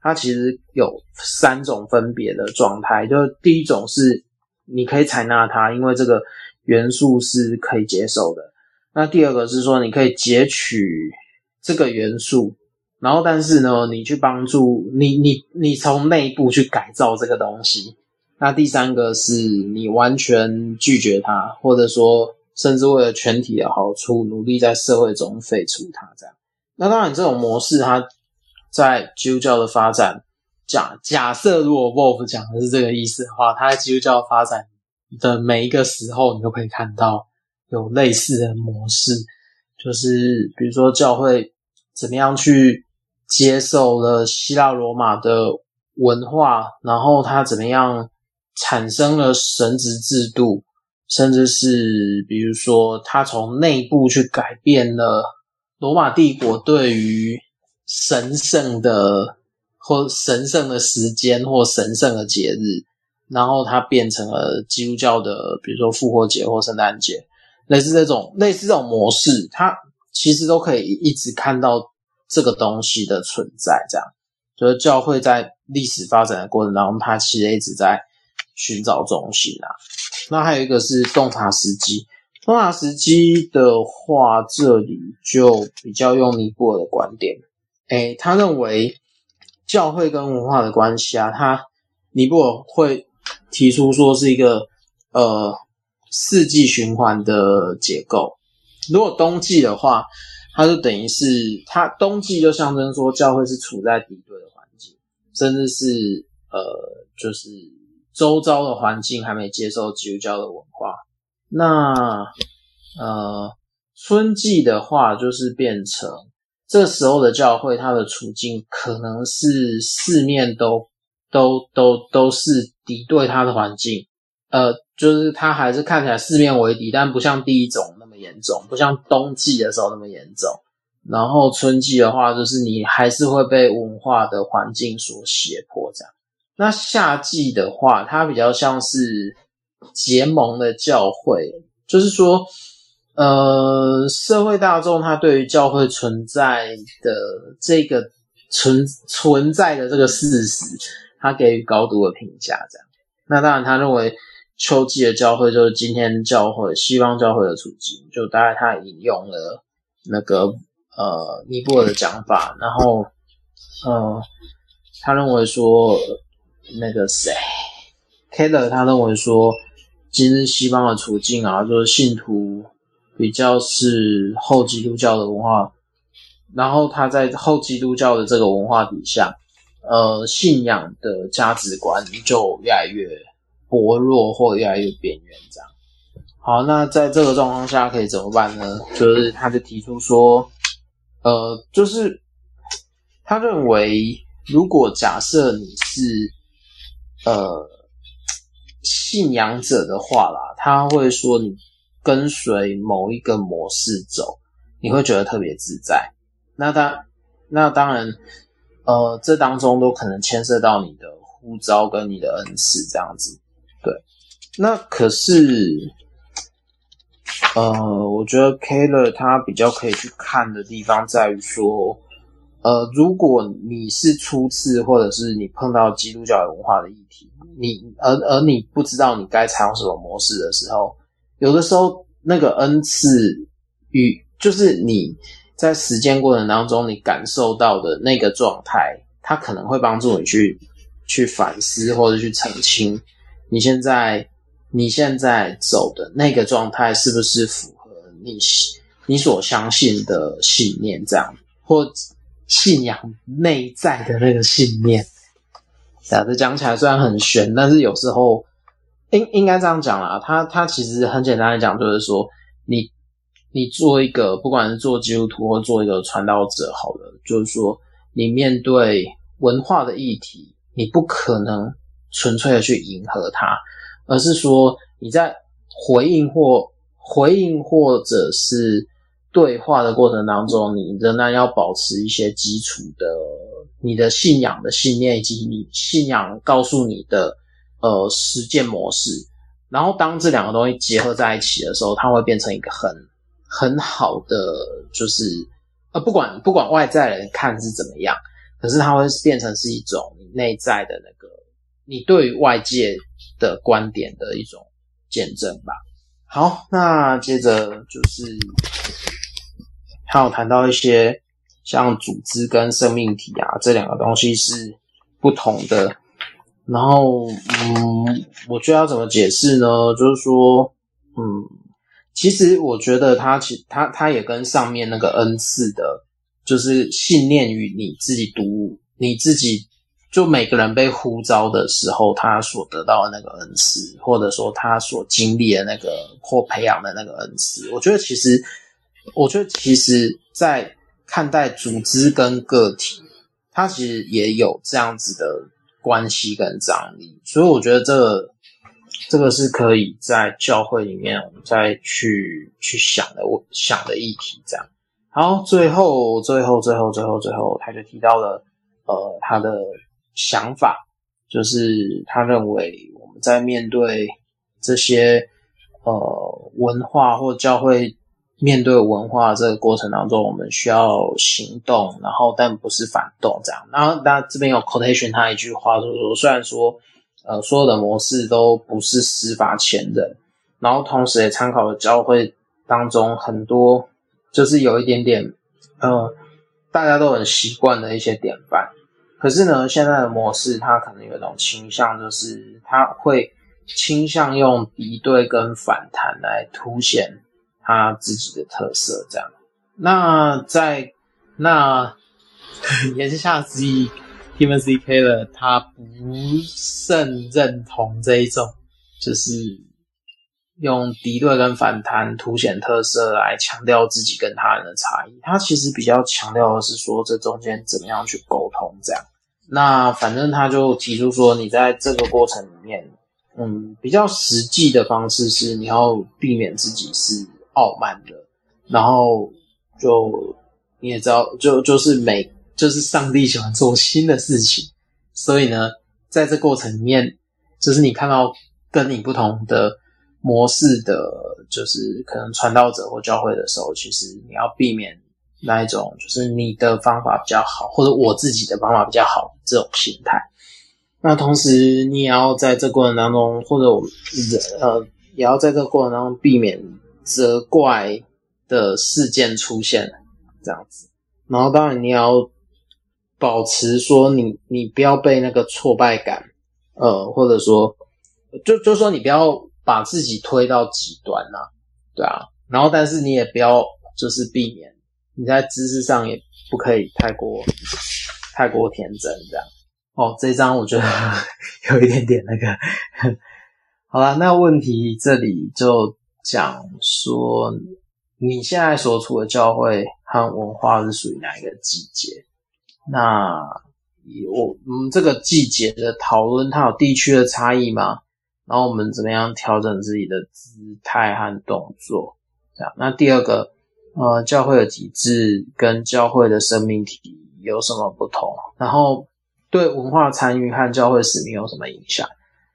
[SPEAKER 2] 他其實有三種分別的狀態，就是第一種是你可以採納它，因為這個元素是可以接受的。那第二個是說，你可以截取這個元素，然後但是呢，你去幫助你、你、你從內部去改造這個東西。那第三個是你完全拒絕它，或者說，甚至為了全體的好處，努力在社會中廢除它這樣。那當然這種模式，它在基督教的發展，假假設如果 Wolf 講的是這個意思的話，它在基督教發展的每一個時候，你都可以看到。有類似的模式，就是比如說教會怎麼樣去接受了希臘羅馬的文化，然後它怎麼樣產生了神職制度，甚至是比如說它從內部去改變了羅馬帝國對於神聖的或神聖的時間或神聖的節日，然後它變成了基督教的，比如說復活節或聖誕節。類似這種類似這種模式，它其實都可以一直看到這個東西的存在，這樣，所以教會在歷史發展的過程當中，然後它其實一直在尋找中心啊。那還有一個是洞察時機，洞察時機的話，這裡就比較用尼布爾的觀點，欸，他認為教會跟文化的關係啊，他尼布爾會提出說是一個呃。四季循環的結構，如果冬季的話，它就等於是，它冬季就象徵說教會是處在敵對的環境，甚至是呃，就是周遭的環境還沒接受基督教的文化。那呃，春季的話就是變成這時候的教會，它的處境可能是四面都都都都是敵對它的環境。呃，就是它還是看起來四面為敵，但不像第一種那麼嚴重，不像冬季的時候那麼嚴重。然後春季的話，就是你還是會被文化的環境所脅迫，這樣。那夏季的話，它比較像是結盟的教會，就是說，呃，社會大眾他對於教會存在的這個存存在的這個事實，他給予高度的評價，這樣。那當然，他認為。秋季的教會就是今天教會，西方教會的處境，就大概他引用了那個呃尼布爾的講法，然後呃他認為說那個誰 Taylor 他認為說今日西方的處境啊，就是信徒比較是後基督教的文化，然後他在後基督教的這個文化底下，呃信仰的價值觀就越來越。薄弱，或越來越邊緣，這樣。好，那在這個狀況下可以怎麼辦呢？就是他就提出說，呃，就是他認為，如果假設你是呃信仰者的話啦，他會說你跟隨某一個模式走，你會覺得特別自在。那當那當然，呃，這當中都可能牽涉到你的呼召跟你的恩賜這樣子。那可是，呃，我覺得凱勒他比較可以去看的地方在於說，呃，如果你是初次或者是你碰到基督教文化的議題，你而而你不知道你該採用什麼模式的時候，有的時候那個恩賜與就是你在實踐過程當中你感受到的那個狀態，它可能會幫助你去去反思或者去澄清你現在。你現在走的那個狀態是不是符合你你所相信的信念？這樣或信仰內在的那個信念？講這講起來雖然很玄，但是有時候應應該這樣講啦。他他其實很簡單的講，就是說你你做一個不管是做基督徒或做一個傳道者，好了，就是說你面對文化的議題，你不可能純粹的去迎合它。而是說你在回應或回應，或者是對話的過程當中，你仍然要保持一些基礎的你的信仰的信念，以及你信仰告訴你的呃實踐模式。然後當這兩個東西結合在一起的時候，它會變成一個很很好的，就是呃不管不管外在人看是怎麼樣，可是它會變成是一種你內在的那個你對於外界。的觀點的一種見證吧。好，那接着就是還有談到一些像組織跟生命體啊，這兩個東西是不同的。然後，嗯，我覺得要怎麼解釋呢？就是說，嗯，其實我覺得它其他它它也跟上面那個 N 次的，就是信念與你自己讀你自己。就每個人被呼召的時候，他所得到的那個恩賜，或者說他所經歷的那個或培養的那個恩賜，我覺得其實，我覺得其實，在看待組織跟個體，他其實也有這樣子的關係跟張力。所以我覺得這個，這個是可以在教會裡面我們再去去想的，我想的議題。這樣。好，最後最後最後最後最後，他就提到了，呃，他的。想法就是，他認為我們在面對這些呃文化或教會面對文化這個過程當中，我們需要行動，然後但不是反動這樣。然後那這邊有 quotation 他一句話說說，雖然說呃所有的模式都不是司法前人，然後同時也參考了教會當中很多就是有一點點呃大家都很習慣的一些典範。可是呢，現在的模式它可能有一種傾向，就是它會傾向用敵對跟反彈來凸顯他自己的特色，這樣。那在那，也 言下之意提姆凱勒的，他不甚認同這一種，就是用敵對跟反彈凸顯特色來強調自己跟他人的差異。他其實比較強調的是說，這中間怎麼樣去溝通，這樣。那反正他就提出說，你在這個過程裡面，嗯，比較實際的方式是，你要避免自己是傲慢的。然後就你也知道，就就是每就是上帝喜歡做新的事情，所以呢，在這過程裡面，就是你看到跟你不同的模式的，就是可能傳道者或教會的時候，其實你要避免。那一種就是你的方法比較好，或者我自己的方法比較好，這種心態。那同時你也要在這過程當中，或者我呃也要在這過程當中避免責怪的事件出現，這樣子。然後當然你要保持說你你不要被那個挫敗感，呃或者說就就說你不要把自己推到極端吶啊，對啊。然後但是你也不要就是避免。你在知識上也不可以太過太過天真這樣哦。這一章我覺得
[SPEAKER 1] 有一點點那個 。
[SPEAKER 2] 好啦，那問題這裡就講說，你現在所處的教會和文化是屬於哪一個季節？那我我們這個季節的討論，它有地區的差異嗎？然後我們怎麼樣調整自己的姿態和動作？這樣。那第二個。呃，教會的體制跟教會的生命體有什麼不同？然後對文化參與和教會使命有什麼影響？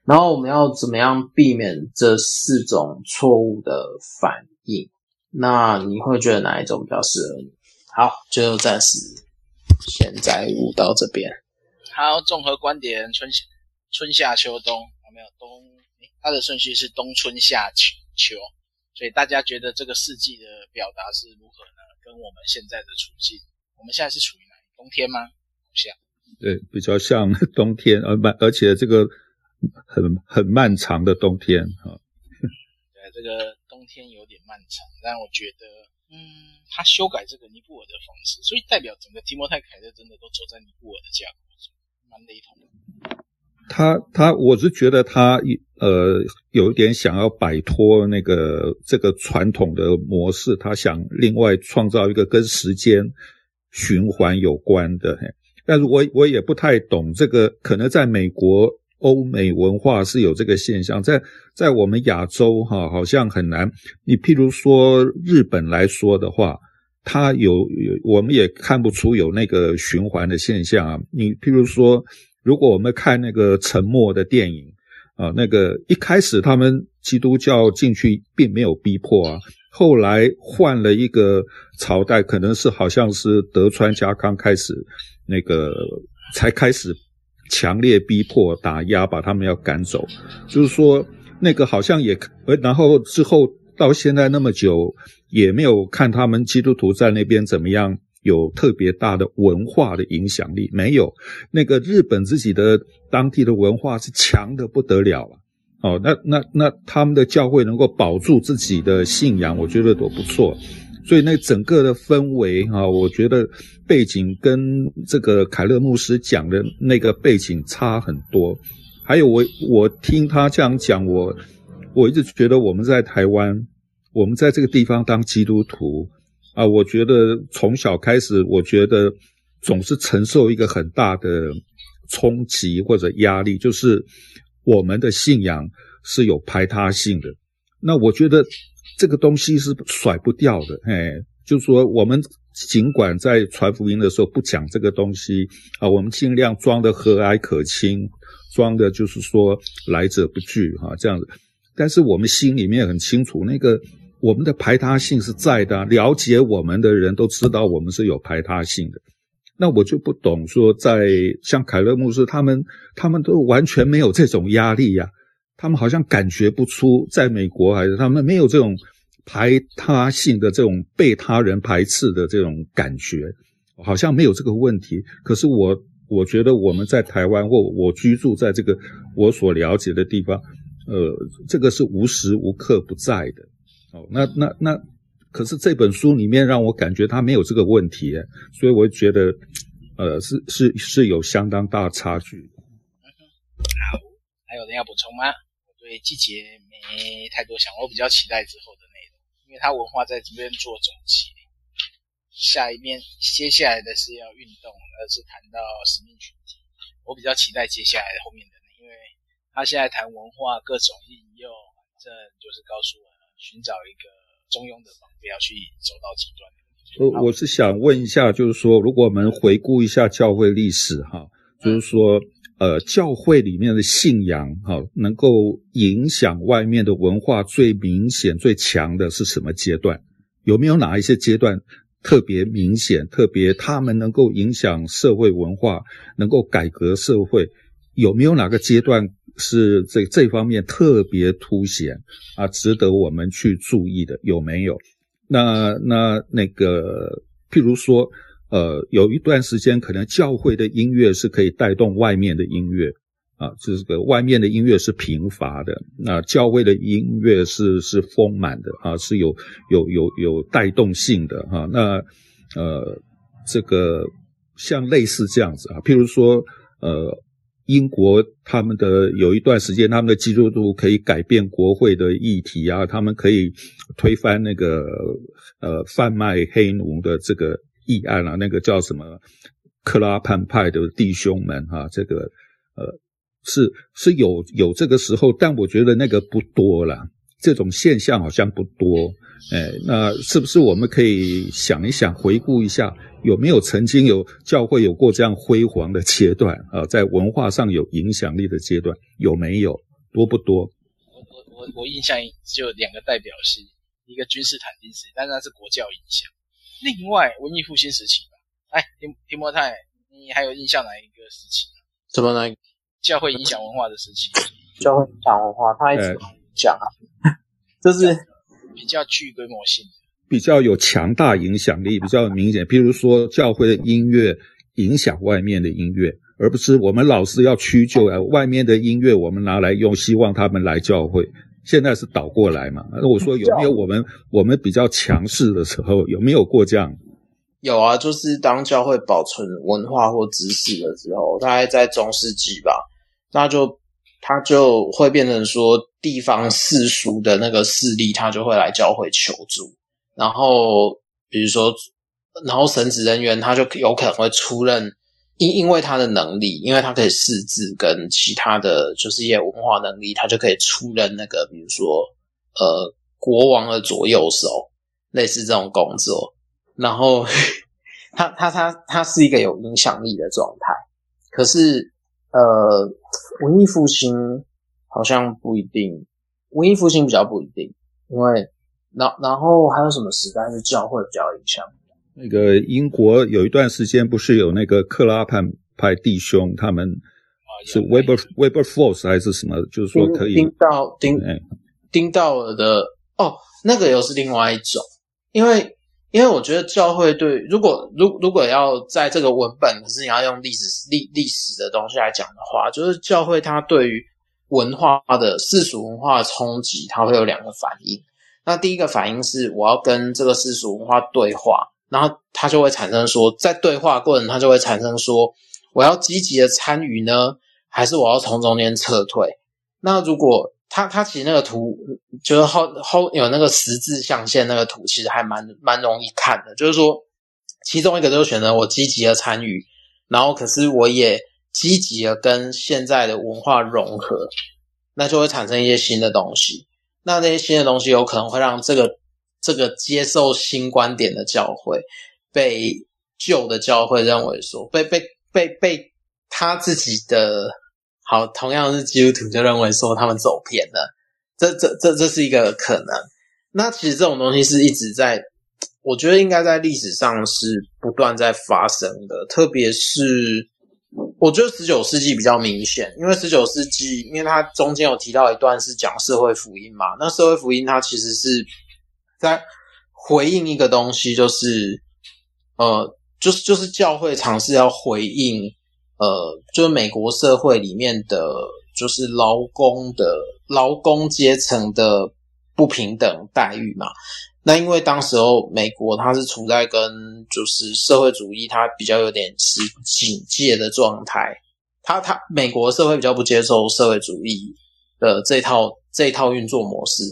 [SPEAKER 2] 然後我們要怎麼樣避免這四種錯誤的反應？那你會覺得哪一種比較適合你？好，就暫時現在錄到這邊。
[SPEAKER 1] 好，綜合觀點，春夏春夏秋冬，有沒有冬，它的順序是冬春夏秋秋。所以大家覺得這個世紀的表達是如何呢？跟我們現在的處境，我們現在是處於哪？冬天嗎？像，
[SPEAKER 3] 對，比較像冬天，而且這個很很漫長的冬天
[SPEAKER 1] 啊。對，這個冬天有點漫長，但我覺得，嗯，他修改這個尼布爾的方式，所以代表整個提摩太凱勒真的都走在尼布爾的架構中，蠻雷同。
[SPEAKER 3] 他他，我是覺得他呃，有一點想要擺脫那個這個傳統的模式，他想另外創造一個跟時間循環有關的。但是我我也不太懂這個，可能在美國、歐美文化是有這個現象，在在我們亞洲哈啊，好像很難。你譬如說日本來說的話，他有有，我們也看不出有那個循環的現象啊。你譬如說。如果我們看那個沉默的電影啊，那個一開始他們基督教進去並沒有逼迫啊，後來換了一個朝代，可能是好像是德川家康開始，那個才開始強烈逼迫打壓，把他們要趕走。就是說那個好像也，然後之後到現在那麼久，也沒有看他們基督徒在那邊怎麼樣。有特別大的文化的影響力沒有？那個日本自己的當地的文化是強的不得了了，啊。哦，那那那他們的教會能夠保住自己的信仰，我覺得都不錯。所以那整個的氛圍哈，哦，我覺得背景跟這個凱勒牧師講的那個背景差很多。還有我我聽他這樣講，我我一直覺得我們在台灣，我們在這個地方當基督徒。啊，我覺得從小開始，我覺得總是承受一個很大的衝擊或者壓力，就是我們的信仰是有排他性的。那我覺得這個東西是甩不掉的。嘿，就是、說我們儘管在傳福音的時候不講這個東西啊，我們盡量裝得和藹可親，裝的就是說來者不拒哈、啊、這樣子。但是我們心裡面很清楚那個。我們的排他性是在的、啊，了解我們的人都知道我們是有排他性的。那我就不懂，說在像凱勒牧師他們，他們都完全沒有這種壓力呀、啊。他們好像感覺不出在美國還是他們沒有這種排他性的這種被他人排斥的這種感覺，好像沒有這個問題。可是我我覺得我們在台灣或我居住在這個我所了解的地方，呃，這個是無時無刻不在的。哦，那那那，可是這本書裡面讓我感覺他沒有這個問題，所以我覺得，呃，是是是有相當大的差距的。
[SPEAKER 1] 好，還有人要補充嗎？我對季節沒太多想，我比較期待之後的內容，因為他文化在這邊做總結，下一面接下來的是要運動，而是談到使命群體，我比較期待接下來後面的，因為他現在談文化各種應用，反正就是告訴我。尋找一個中庸的方標，不要去走到極端。
[SPEAKER 3] 我我是想問一下，就是說，如果我們回顧一下教會歷史，哈、嗯，就是說，呃，教會裡面的信仰，哈，能夠影響外面的文化最，最明顯、最強的是什麼階段？有沒有哪一些階段特別明顯、特別他們能夠影響社會文化、能夠改革社會？有沒有哪個階段？是這這方面特別凸顯啊，值得我們去注意的有沒有？那那那個，譬如說，呃，有一段時間可能教會的音樂是可以帶動外面的音樂啊，就是、這個外面的音樂是貧乏的，那教會的音樂是是豐滿的啊，是有有有有帶動性的哈、啊。那呃，這個像類似這樣子啊，譬如說，呃。英國他們的有一段時間，他們的基督徒可以改變國會的議題啊，他們可以推翻那個呃販賣黑奴的這個議案啊。那個叫什麼克拉潘派的弟兄們啊，這個呃是是有有這個時候，但我覺得那個不多啦。這種現象好像不多，哎，那是不是我們可以想一想，回顧一下，有沒有曾經有教會有過這樣輝煌的階段啊？在文化上有影響力的階段，有沒有多不多？我我
[SPEAKER 1] 我我印象就兩個代表性，一個君士坦丁時期，但是那是國教影響；另外文藝復興時期吧。哎，提提摩太，你還有印象哪一個時期？
[SPEAKER 2] 什麼來？
[SPEAKER 1] 教會影響文化的事情，
[SPEAKER 2] 教會影響文化，他一直。哎
[SPEAKER 1] 講啊，這是比較具規模性，
[SPEAKER 3] 比較有強大影響力，比較明顯。比如說，教會的音樂影響外面的音樂，而不是我們老是要屈就啊，外面的音樂我們拿來用，希望他們來教會。現在是倒過來嘛。那我說有沒有我們，我們比較強勢的時候有沒有過這樣？
[SPEAKER 2] 有啊，就是當教會保存文化或知識的時候，大概在中世紀吧，那就。他就會變成說，地方世俗的那個勢力，他就會來教會求助。然後，比如說，然後神職人員他就有可能會出任，因因為他的能力，因為他可以識字跟其他的就是一些文化能力，他就可以出任那個，比如說，呃，國王的左右手，類似這種工作。然後，呵呵他他他他是一個有影響力的狀態，可是。呃，文藝復興好像不一定，文藝復興比較不一定，因為，然後然後還有什麼時代是教會比較影響？
[SPEAKER 3] 那個英國有一段時間不是有那個克拉盤派、派弟兄，他們是 Weber、啊、Weber Force 還是什麼？就是說可以丁道，丁，
[SPEAKER 2] 丁道爾的哦，那個又是另外一種，因為。因為我覺得教會對，如果如如果要在這個文本，可是你要用歷史歷歷史的東西來講的話，就是教會它對於文化的世俗文化的衝擊，它會有兩個反應。那第一個反應是我要跟這個世俗文化對話，然後它就會產生說，在對話過程它就會產生說，我要積極的參與呢，還是我要從中間撤退？那如果他他其實那個圖就是後後有那個十字象限那個圖，其實還蠻蠻容易看的。就是說，其中一個就是選擇我積極的參與，然後可是我也積極的跟現在的文化融合，那就會產生一些新的東西。那那些新的東西有可能會讓這個這個接受新觀點的教會，被舊的教會認為說被被被被他自己的。好，同樣是基督徒就認為說他們走偏了，這這這這是一個可能。那其實這種東西是一直在，我覺得應該在歷史上是不斷在發生的。特別是我覺得十九世紀比較明顯，因為十九世紀，因為它中間有提到一段是講社會福音嘛。那社會福音它其實是在回應一個東西，就是呃，就是就是教會嘗試要回應。呃，就是美國社會裡面的就是勞工的勞工階層的不平等待遇嘛。那因為當時候美國它是處在跟就是社會主義它比較有點是警戒的狀態，它它美國社會比較不接受社會主義的這套這套運作模式，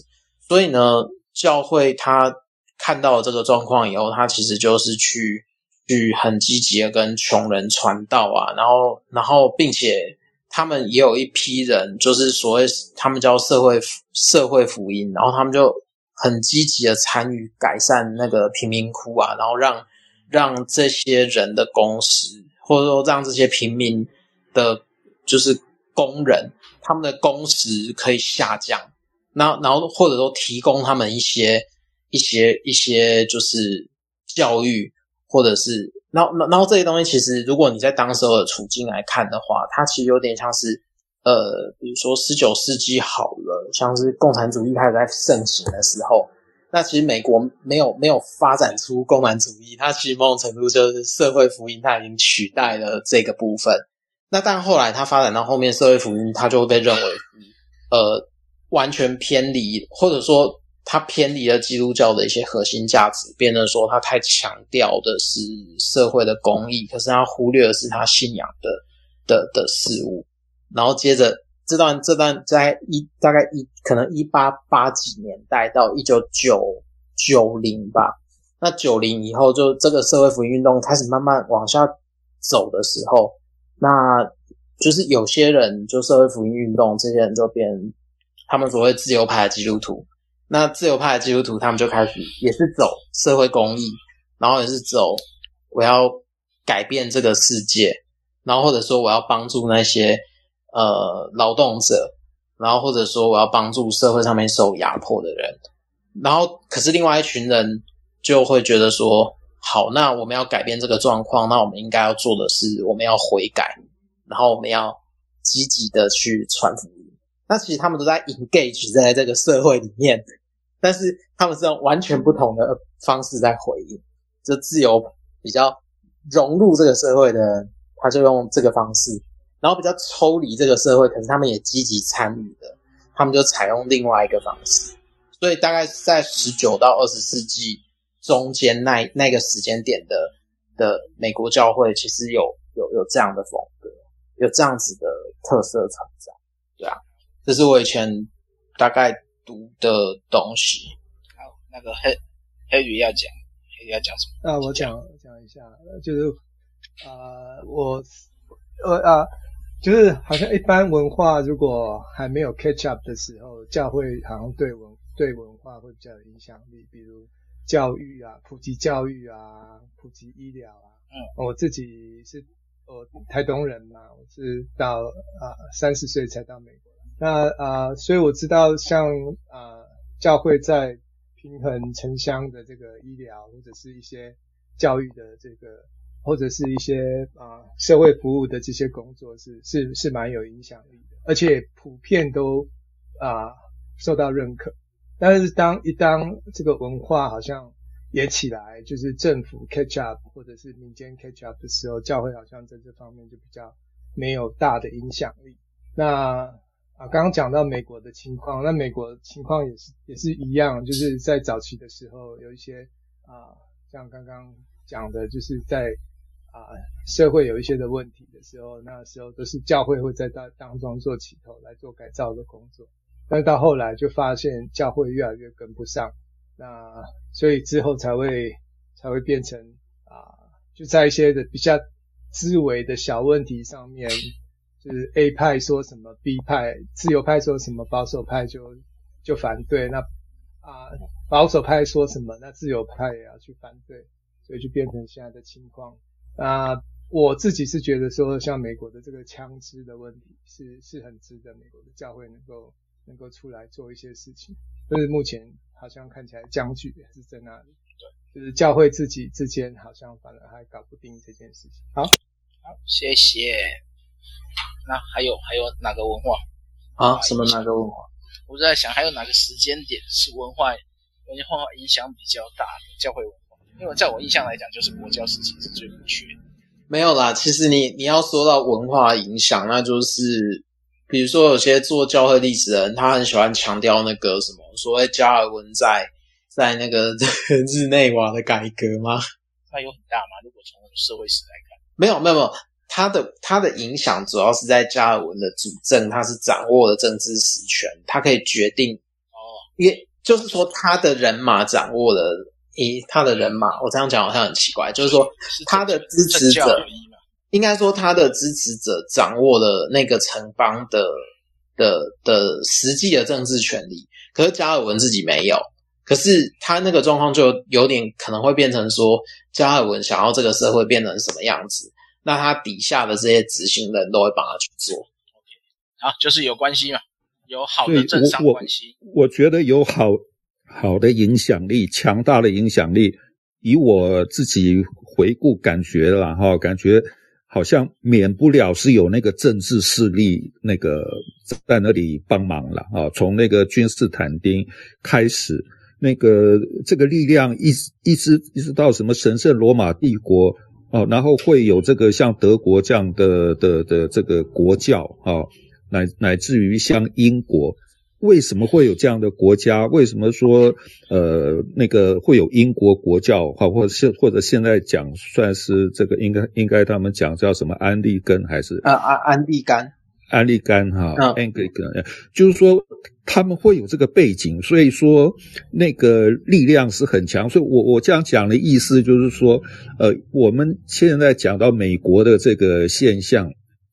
[SPEAKER 2] 所以呢，教會它看到了這個狀況以後，它其實就是去。去很積極的跟窮人傳道啊，然後，然後，並且他們也有一批人，就是所謂他們叫社會社會福音，然後他們就很積極的參與改善那個貧民窟啊，然後讓讓這些人的工時，或者說讓這些平民的，就是工人他們的工時可以下降，那然後，然後或者說提供他們一些一些一些就是教育。或者是，然後，然後這些東西，其實如果你在當時候的處境來看的話，它其實有點像是，呃，比如說十九世紀好了，像是共產主義開始在盛行的時候，那其實美國沒有沒有發展出共產主義，它其實某種程度就是社會福音，它已經取代了這個部分。那但後來它發展到後面，社會福音它就會被認為，呃，完全偏離，或者說。他偏離了基督教的一些核心價值，變成說他太強調的是社會的公義，可是他忽略的是他信仰的的的事物。然後接着這段這段在一大概一可能一八八幾年代到一九九九零吧，那九零以後就這個社會福音運動開始慢慢往下走的時候，那就是有些人就社會福音運動這些人就變他們所謂自由派的基督徒。那自由派基督徒他們就開始也是走社會公益，然後也是走我要改變這個世界，然後或者說我要幫助那些呃勞動者，然後或者說我要幫助社會上面受壓迫的人，然後可是另外一群人就會覺得說，好，那我們要改變這個狀況，那我們應該要做的是我們要悔改，然後我們要積極的去傳福音。那其實他們都在 engage 在這個社會裡面，但是他們是用完全不同的方式在回應。就自由比較融入這個社會的人，他就用這個方式；然後比較抽離這個社會，可是他們也積極參與的，他們就採用另外一個方式。所以大概在十九到二十世紀中間那那個時間點的的美國教會，其實有有有這樣的風格，有這樣子的特色成長。這是我以前大概讀的東西。
[SPEAKER 1] 好，那個黑黑語要講，黑語要講什麼？
[SPEAKER 5] 啊，我講講一下，就是呃，我呃啊，就是好像一般文化如果還沒有 catch up 的時候，教會好像對文對文化會比較有影響力，比如教育啊，普及教育啊，普及醫療啊。嗯，我自己是我台東人嘛，我是到啊三十歲才到美國。那啊、呃，所以我知道像，像、呃、啊，教會在平衡城鄉的這個醫療，或者是一些教育的這個，或者是一些啊、呃、社會服務的這些工作是，是是是蠻有影響力的，而且普遍都啊、呃、受到認可。但是當一當這個文化好像也起來，就是政府 catch up，或者是民間 catch up 的時候，教會好像在這方面就比較沒有大的影響力。那。啊，剛剛講到美國的情況，那美國情況也是也是一樣，就是在早期的時候有一些啊，像剛剛講的，就是在啊社會有一些的問題的時候，那時候都是教會會在當當中做起頭來做改造的工作，但到後來就發現教會越來越跟不上，那所以之後才會才會變成啊，就在一些的比較枝微的小問題上面。就是 A 派說什麼，B 派自由派說什麼，保守派就就反對。那啊、呃，保守派說什麼，那自由派也要去反對，所以就變成現在的情況。那、呃、我自己是覺得說，像美國的這個槍支的問題是，是是很值得美國的教會能夠能夠出來做一些事情。但、就是目前好像看起來僵局還是在那裡。對，就是教會自己之間好像反而還搞不定這件事情。好，好，謝謝。
[SPEAKER 1] 那還有還有哪個文化啊？什麼哪個文化？我在想還有哪個時間點是文化文化影響比較大的，教會文化？因為在我，我印象來講，就是國教時期是最明確的。
[SPEAKER 2] 沒有啦，其實你你要說到文化影響，那就是比如說有些做教會歷史的人，他很喜歡強調那個什麼所謂加爾文在在那個日內瓦的改革嗎？那有很大嗎？如果從社會史來看，沒有沒有沒有。沒有他的他的影響主要是在加爾文的主政，他是掌握了政治實權，他可以決定。哦，也就是說，他的人馬掌握了。咦、欸，他的人馬，我這樣講好像很奇怪。就是說，他的支持者，應該說他的支持者掌握了那個城邦的的的實際的政治權力，可是加爾文自己沒有。可是他那個狀況就有點可能會變成說，加爾文想要這個社會變成什麼樣子？那他底下的這些執行人都會幫他去做
[SPEAKER 1] ，OK，好，就是有關係嘛，有好的政商關
[SPEAKER 2] 係。我
[SPEAKER 3] 覺得有好好的影響力，強大的影響力。以我自己回顧感覺了哈、哦，感覺好像免不了是有那個政治勢力那個在那裡幫忙了啊、哦。從那個君士坦丁開始，那個這個力量一直一直一直到什麼神聖羅馬帝國。哦，然後會有這個像德國這樣的的的,的這個國教啊，乃乃至於像英國，為什麼會有這樣的國家？為什麼說呃那個會有英國國教，或或是或者現在講算是這個應該應該他們講叫什麼安立甘還是
[SPEAKER 5] 啊安安立甘？
[SPEAKER 3] 安利甘哈？安利甘就是說他們會有這個背景，所以說那個力量是很強。所以我，我我這樣講的意思就是說，呃，我們現在講到美國的這個現象，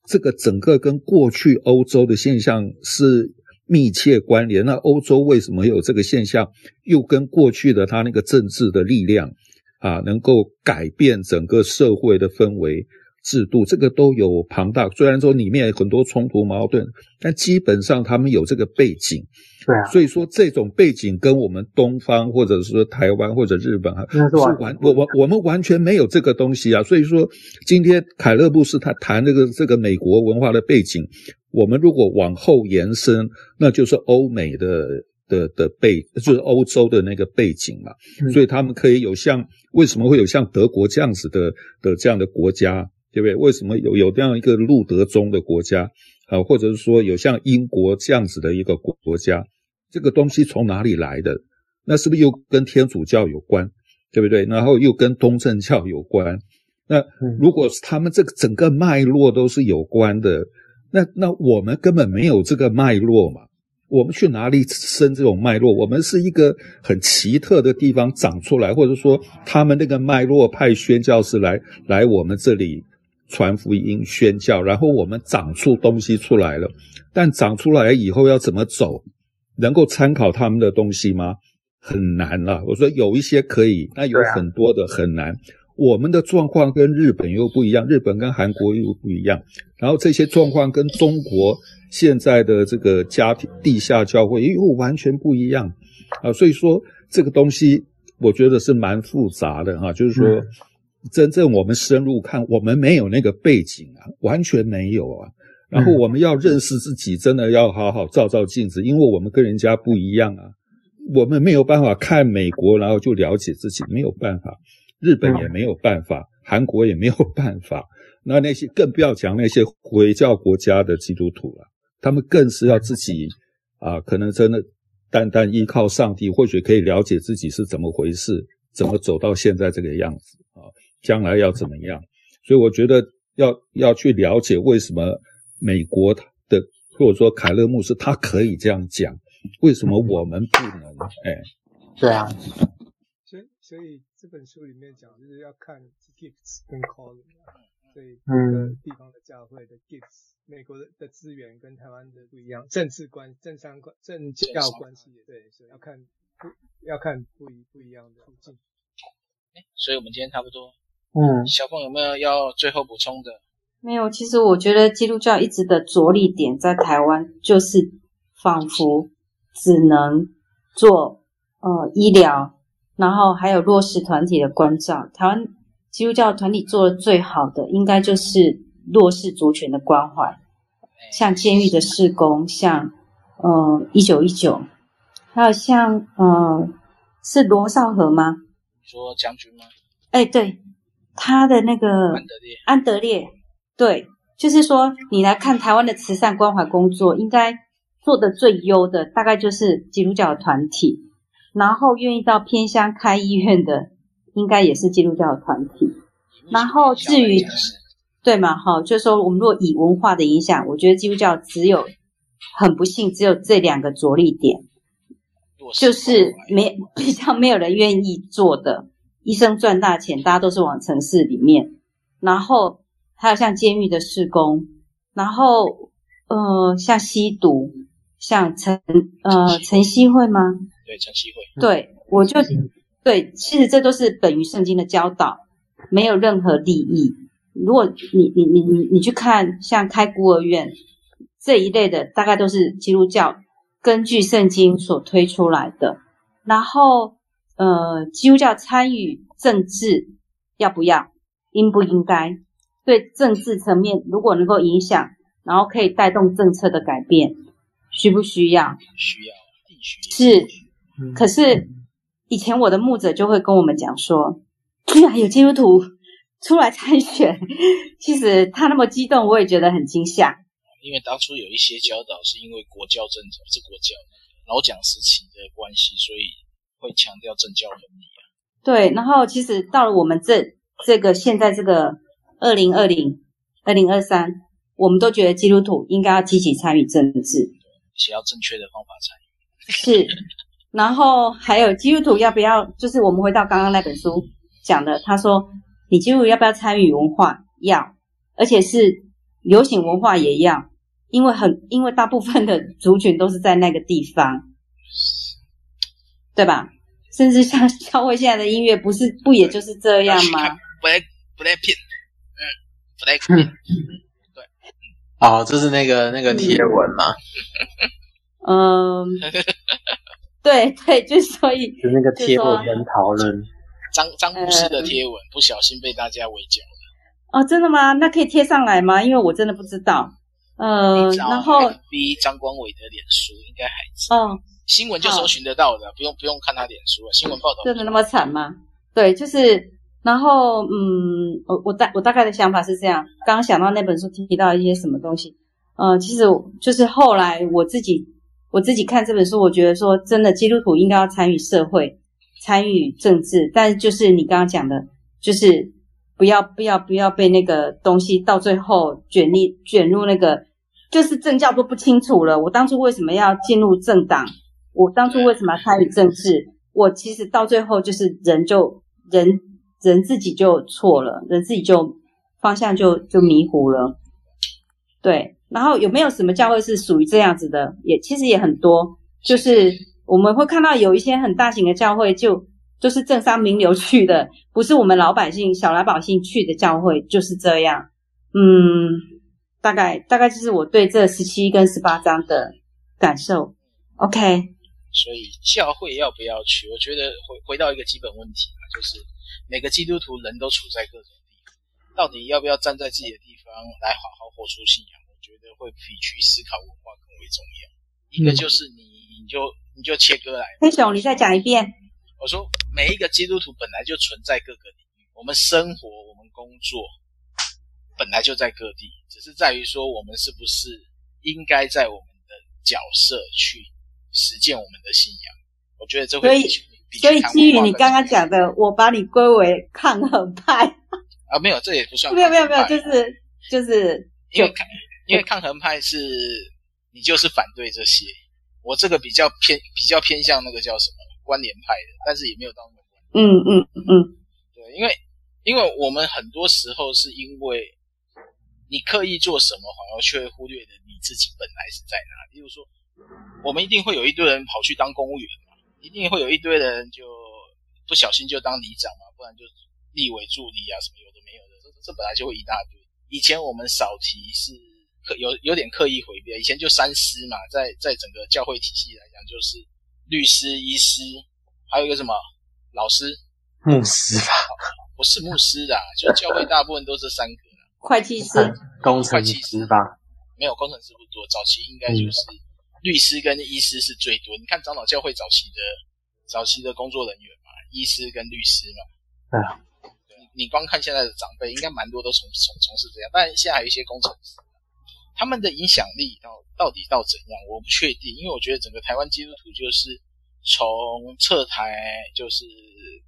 [SPEAKER 3] 這個整個跟過去歐洲的現象是密切關聯。那歐洲為什麼有這個現象？又跟過去的他那個政治的力量啊，能夠改變整個社會的氛圍。制度，這個都有龐大，雖然說裡面很多衝突矛盾，但基本上他們有這個背景，對啊。所以說這種背景跟我們東方，或者是台灣或者日本啊，是完我我我們完全沒有這個東西啊。所以說今天凱勒布斯他談這個這個美國文化的背景，我們如果往後延伸，那就是歐美的的的背，就是歐洲的那個背景嘛。所以他們可以有像為什麼會有像德國這樣子的的這樣的國家？對不對？為什麼有有這樣一個路德宗的國家啊、呃，或者是說有像英國這樣子的一個國家，這個東西從哪裡來的？那是不是又跟天主教有關？對不對？然後又跟東正教有關？那如果是他們這個整個脈絡都是有關的，那那我們根本沒有這個脈絡嘛。我們去哪裡生這種脈絡？我們是一個很奇特的地方長出來，或者說他們那個脈絡派宣教士來來我們這裡。傳福音、宣教，然後我們長出東西出來了，但長出來以後要怎麼走，能夠參考他們的東西嗎？很難了。我說有一些可以，那有很多的很難。啊、我們的狀況跟日本又不一樣，日本跟韓國又不一樣，然後這些狀況跟中國現在的這個家庭地下教會又完全不一樣啊。所以說這個東西，我覺得是蠻複雜的哈、啊，就是說。真正我們深入看，我們沒有那個背景啊，完全沒有啊。然後我們要認識自己、嗯，真的要好好照照鏡子，因為我們跟人家不一樣啊。我們沒有辦法看美國，然後就了解自己，沒有辦法。日本也沒有辦法，嗯、韓國也沒有辦法。那那些更不要講那些回教國家的基督徒了、啊，他們更是要自己啊，可能真的單單依靠上帝，或許可以了解自己是怎麼回事，怎麼走到現在這個樣子。將來要怎麼樣？所以我覺得要要去了解為什麼美國的或者說凱勒牧師他可以這樣講，為什麼我們不能？
[SPEAKER 5] 嗯、哎，對啊。所以所以這本書裡面講就是要看 gifts 跟 calling，所以嗯，地方的教會的 gifts，美國的的資源跟台灣的不一樣，政治關、政商關、政教關係也對，所以要看，要看不，要看不一不一樣的處境。
[SPEAKER 1] 哎，所以我們今天差不多。嗯，小朋友有沒有要最後補充的？
[SPEAKER 4] 沒有。其實我覺得基督教一直的着力點在台灣，就是仿佛只能做呃醫療，然後還有弱勢團體的關照。台灣基督教團體做的最好的，應該就是弱勢族群的關懷，像監獄的事工，像呃一九一九，1919, 還有像呃是羅紹和嗎？你
[SPEAKER 1] 說將軍嗎？
[SPEAKER 4] 哎，對。他的那個安德烈，安德烈，對，就是說，你來看台灣的慈善關懷工作，應該做的最優的，大概就是基督教團體，然後願意到偏鄉開醫院的，應該也是基督教團體。嗯、然後、嗯、至於、嗯、對嘛，哈，就是說我們如果以文化的影響，我覺得基督教只有很不幸，只有這兩個着力點，是就是沒比較沒有人願意做的。醫生賺大錢，大家都是往城市裡面。然後還有像監獄的事工，然後呃，像吸毒，像晨呃晨曦會嗎？對，晨
[SPEAKER 5] 曦會。對，
[SPEAKER 4] 我就對，其實這都是本於聖經的教導，沒有任何利益。如果你你你你你去看，像開孤兒院這一類的，大概都是基督教根據聖經所推出來的。然後。呃，基督教參與政治要不要？應不應該？對政治層面，如果能夠影響，然後可以帶動政策的改變，需不需要？需要，必須是、嗯。可是、嗯、以前我的牧者就會跟我們講說，居然有基督徒出來參選，其實他那麼激動，我也覺得很驚嚇。因
[SPEAKER 1] 為當初有一些教導，是因為國教政策是國教，老蔣時期的關係，所以。會強調政教分離。啊？
[SPEAKER 4] 對，然後其實到了我們這這個現在這個二零二零、二零二三，我們都覺得基督徒應該要積極參與政治，
[SPEAKER 1] 而且要正確的方法參與。
[SPEAKER 4] 是， 然後還有基督徒要不要？就是我們回到剛剛那本書講的，他說：“你基督徒要不要參與文化？要，而且是流行文化也要，因為很因為大部分的族群都是在那個地方。”對吧？甚至像教會現在的音樂，不是、嗯、不也就是這樣嗎？不
[SPEAKER 1] 太不太片，
[SPEAKER 4] 嗯，不太片。
[SPEAKER 2] 對。哦，這是那個那個貼文嗎？嗯。 嗯
[SPEAKER 1] 對對，
[SPEAKER 4] 就所以。就是那個貼文
[SPEAKER 1] 討論，張張牧師的貼文、嗯、不小心被大家圍剿
[SPEAKER 4] 了。哦，真的嗎？那可以貼上來嗎？因為我真的不知道。嗯、呃、然後，
[SPEAKER 1] 後 B 張光偉的臉書應該還在。嗯。新聞就搜尋得到的，不用不用看他臉書了，新聞報道真的那
[SPEAKER 4] 麼慘嗎？對，就是，然後嗯，我我大我大概的想法是這樣。剛想到那本書，提到一些什麼東西，嗯、呃，其實就是後來我自己我自己看這本書，我覺得說真的，基督徒應該要參與社會，參與政治，但是就是你剛剛講的，就是不要不要不要被那個東西到最後捲入捲入那個，就是政教都不清楚了。我當初為什麼要進入政黨？我當初為什麼要參與政治？我其實到最後就是人就人人自己就錯了，人自己就方向就就迷糊了。對，然後有沒有什麼教會是屬於這樣子的？也其實也很多，就是我們會看到有一些很大型的教會就，就就是政商名流去的，不是我們老百姓小老百姓去的教會就是這樣。
[SPEAKER 5] 嗯，
[SPEAKER 4] 大概大概就是我對這十七跟十八章的感受。OK。
[SPEAKER 1] 所以教會要不要去？我覺得回回到一個基本問題啊，就是每個基督徒人都處在各種地方，到底要不要站在自己的地方來好好活出信仰？我覺得會比去思考文化更為重要。嗯、一個就是你你就你就切割來，
[SPEAKER 4] 黑熊，你再講一遍。
[SPEAKER 1] 我說每一個基督徒本來就存在各個領域，我們生活、我們工作本來就在各地，只是在於說我們是不是應該在我們的角色去。實踐我們的信仰，我覺得這會。所以，
[SPEAKER 4] 所以基於你剛剛講的，我把你歸為抗衡派。啊，沒有，這
[SPEAKER 1] 也不算。沒有，沒有，沒有，就是就是。因為，因為
[SPEAKER 4] 抗，
[SPEAKER 1] 因為抗衡派是，你就是反對這些。我這個比較偏，比較偏向那個叫什麼關聯派的，但是也沒有到那種。嗯
[SPEAKER 5] 嗯嗯。
[SPEAKER 1] 對，因為因為我們很多時候是因為你刻意做什麼，反而卻忽略了你自己本來是在哪。例如說。我們一定會有一堆人跑去當公務員嘛，一定會有一堆人就不小心就當里長嘛，不然就立委助理啊，什麼有的沒有的，這這本來就會一大堆。以前我們少提是刻有有點刻意回避，以前就三師嘛，在在整個教會體系來講，就是律師、醫師，還有一個什麼老師、牧師吧？ 不是牧師的、啊，就教會大部分都是三個。會計師、會、嗯、計師吧？沒有，工程師不多，早期應該就是、嗯。律師跟醫師是最多，你看長老教會早期的早期的工作人員嘛，醫師跟律師嘛。嗯、對啊，你你光看現在的長輩，應該蠻多都從從從事這樣，但現在還有一些工程師，他們的影響力到到底到怎樣，我不確定，因為我覺得整個台灣基督徒就是從撤台，就是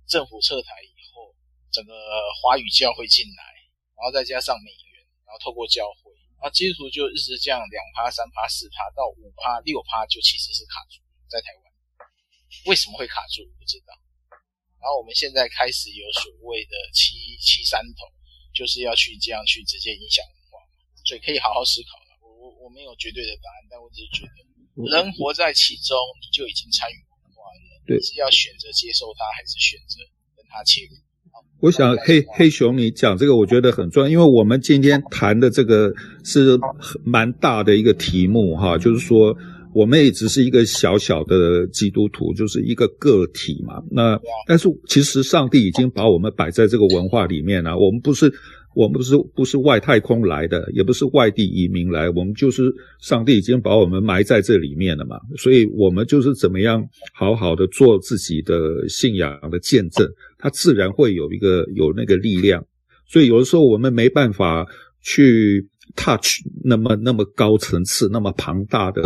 [SPEAKER 1] 政府撤台以後，整個華語教會進來，然後再加上美元，然後透過教會。啊，基督徒就一直這樣，兩趴、三趴、四趴到五趴、六趴，就其實是卡住在台灣。為什麼會卡住？我不知道。然後我們現在開始有所謂的七七三頭，就是要去這樣去直接影響文化嘛，所以可以好好思考了。我我我沒有絕對的答案，但我只是覺得，okay. 人活在其中，你就已經參與文化了。你是要選擇接受它，還是選擇跟它切入？
[SPEAKER 3] 我想，黑黑熊，你講這個，我覺得很重要，因為我們今天談的這個是蠻大的一個題目，哈，就是說，我們也只是一個小小的基督徒，就是一個個體嘛。那但是，其實上帝已經把我們擺在這個文化裡面了。我們不是，我們不是，不是外太空來的，也不是外地移民來，我們就是上帝已經把我們埋在這裡面了嘛。所以，我們就是怎麼樣好好的做自己的信仰的見證。它自然會有一個，有那個力量，所以有的時候我們沒辦法去 touch 那麼那麼高層次、那麼龐大的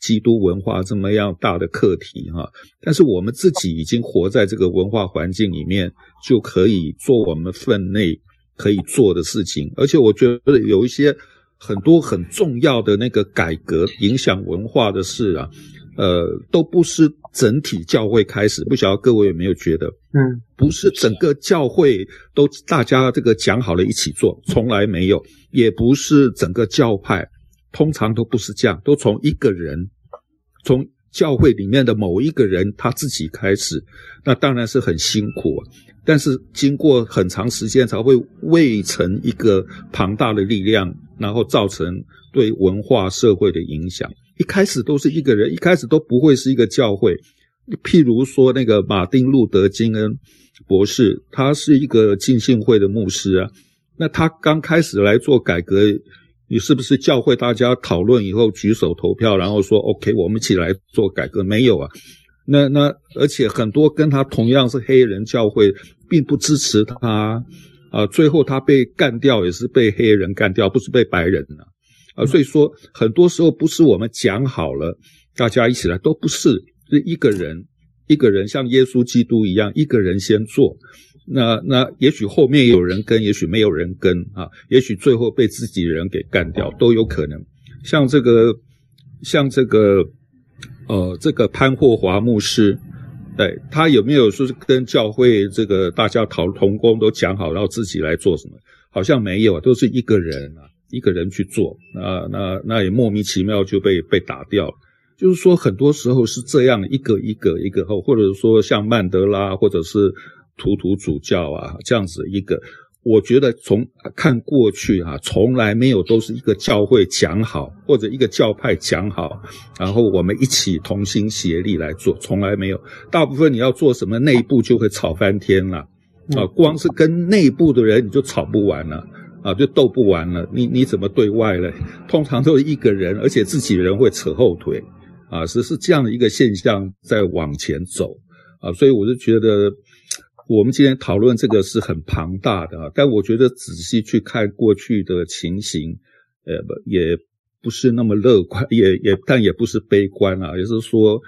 [SPEAKER 3] 基督文化這麼樣大的課題哈、啊。但是我們自己已經活在這個文化環境裡面，就可以做我們分內可以做的事情。而且我覺得有一些很多很重要的那個改革影響文化的事啊，呃，都不是，整體教會開始，不曉得各位有沒有覺得，嗯，不是整個教會都大家這個講好了一起做，從來沒有，也不是整個教派，通常都不是這樣，都從一個人，從教會裡面的某一個人他自己開始，那當然是很辛苦啊，但是經過很長時間才會匯成一個龐大的力量，然後造成對文化社會的影響。一開始都是一個人，一開始都不會是一個教會。譬如說，那個馬丁·路德·金恩博士，他是一個浸信會的牧師啊。那他剛開始來做改革，你是不是教會大家討論以後舉手投票，然後說 “OK，我們一起來做改革”？沒有啊。那那而且很多跟他同樣是黑人教會，並不支持他啊。最後他被幹掉，也是被黑人幹掉，不是被白人啊。啊，所以說很多時候不是我們講好了，大家一起來，都不是，是一個人，一個人像耶穌基督一樣，一個人先做，那那也許後面有人跟，也許沒有人跟啊，也許最後被自己人給幹掉都有可能。像這個，像這個，呃，這個潘霍華牧師，對，他有沒有說是跟教會這個大家討，同工都講好，然後自己來做什麼？好像沒有啊，都是一個人啊。一個人去做，那那那也莫名其妙就被被打掉。就是說，很多時候是這樣，一個一個一個後，或者說像曼德拉或者是圖圖主教啊這樣子一個。我覺得從看過去啊，從來沒有都是一個教會講好，或者一個教派講好，然後我們一起同心協力來做，從來沒有。大部分你要做什麼，內部就會吵翻天了啊！光是跟內部的人你就吵不完了。啊，就鬥不完了，你你怎麼對外嘞？通常都是一個人，而且自己人會扯後腿，啊，是是這樣的一個現象在往前走，啊，所以我就覺得，我們今天討論這個是很龐大的，啊。但我覺得仔細去看過去的情形，呃，也不是那麼樂觀，也也但也不是悲觀啊，也就是說。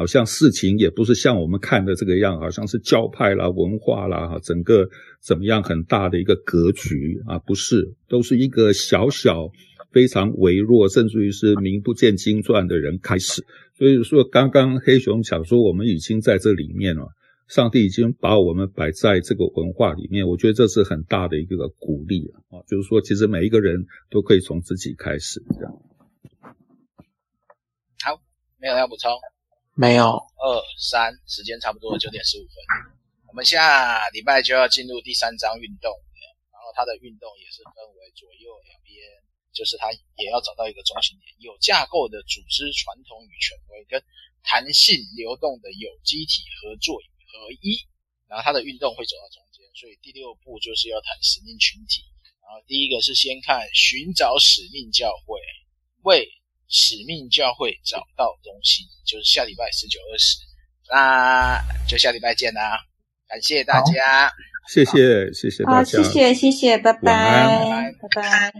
[SPEAKER 3] 好像事情也不是像我們看的這個樣，好像是教派啦、文化啦，哈，整個怎麼樣很大的一個格局啊，不是，都是一個小小、非常微弱，甚至於是名不見經傳的人開始。所以說，剛剛黑熊講說，我們已經在這裡面了，上帝已經把我們擺在這個文化裡面，我覺得這是很大的一個鼓勵啊，就是說，其實每一個人都可以從自己開始這樣。
[SPEAKER 1] 好，沒有要補充。沒有，二三，時間差不多九點十五分。我們下禮拜就要進入第三章運動，然後它的運動也是分為左右兩邊，就是它也要找到一個中心點，有架構的組織傳統與權威，跟彈性流動的有機體合作與合一，然後它的運動會走到中間。所以第六步就是要談使命群體，然後第一個是先看尋找使命教會。為使命教會找到東西，就是下禮拜十九、二十，那就下禮拜見啦、啊！感謝大家，
[SPEAKER 3] 謝謝謝謝大家，好謝謝
[SPEAKER 1] 謝謝，拜拜拜拜。拜拜拜拜。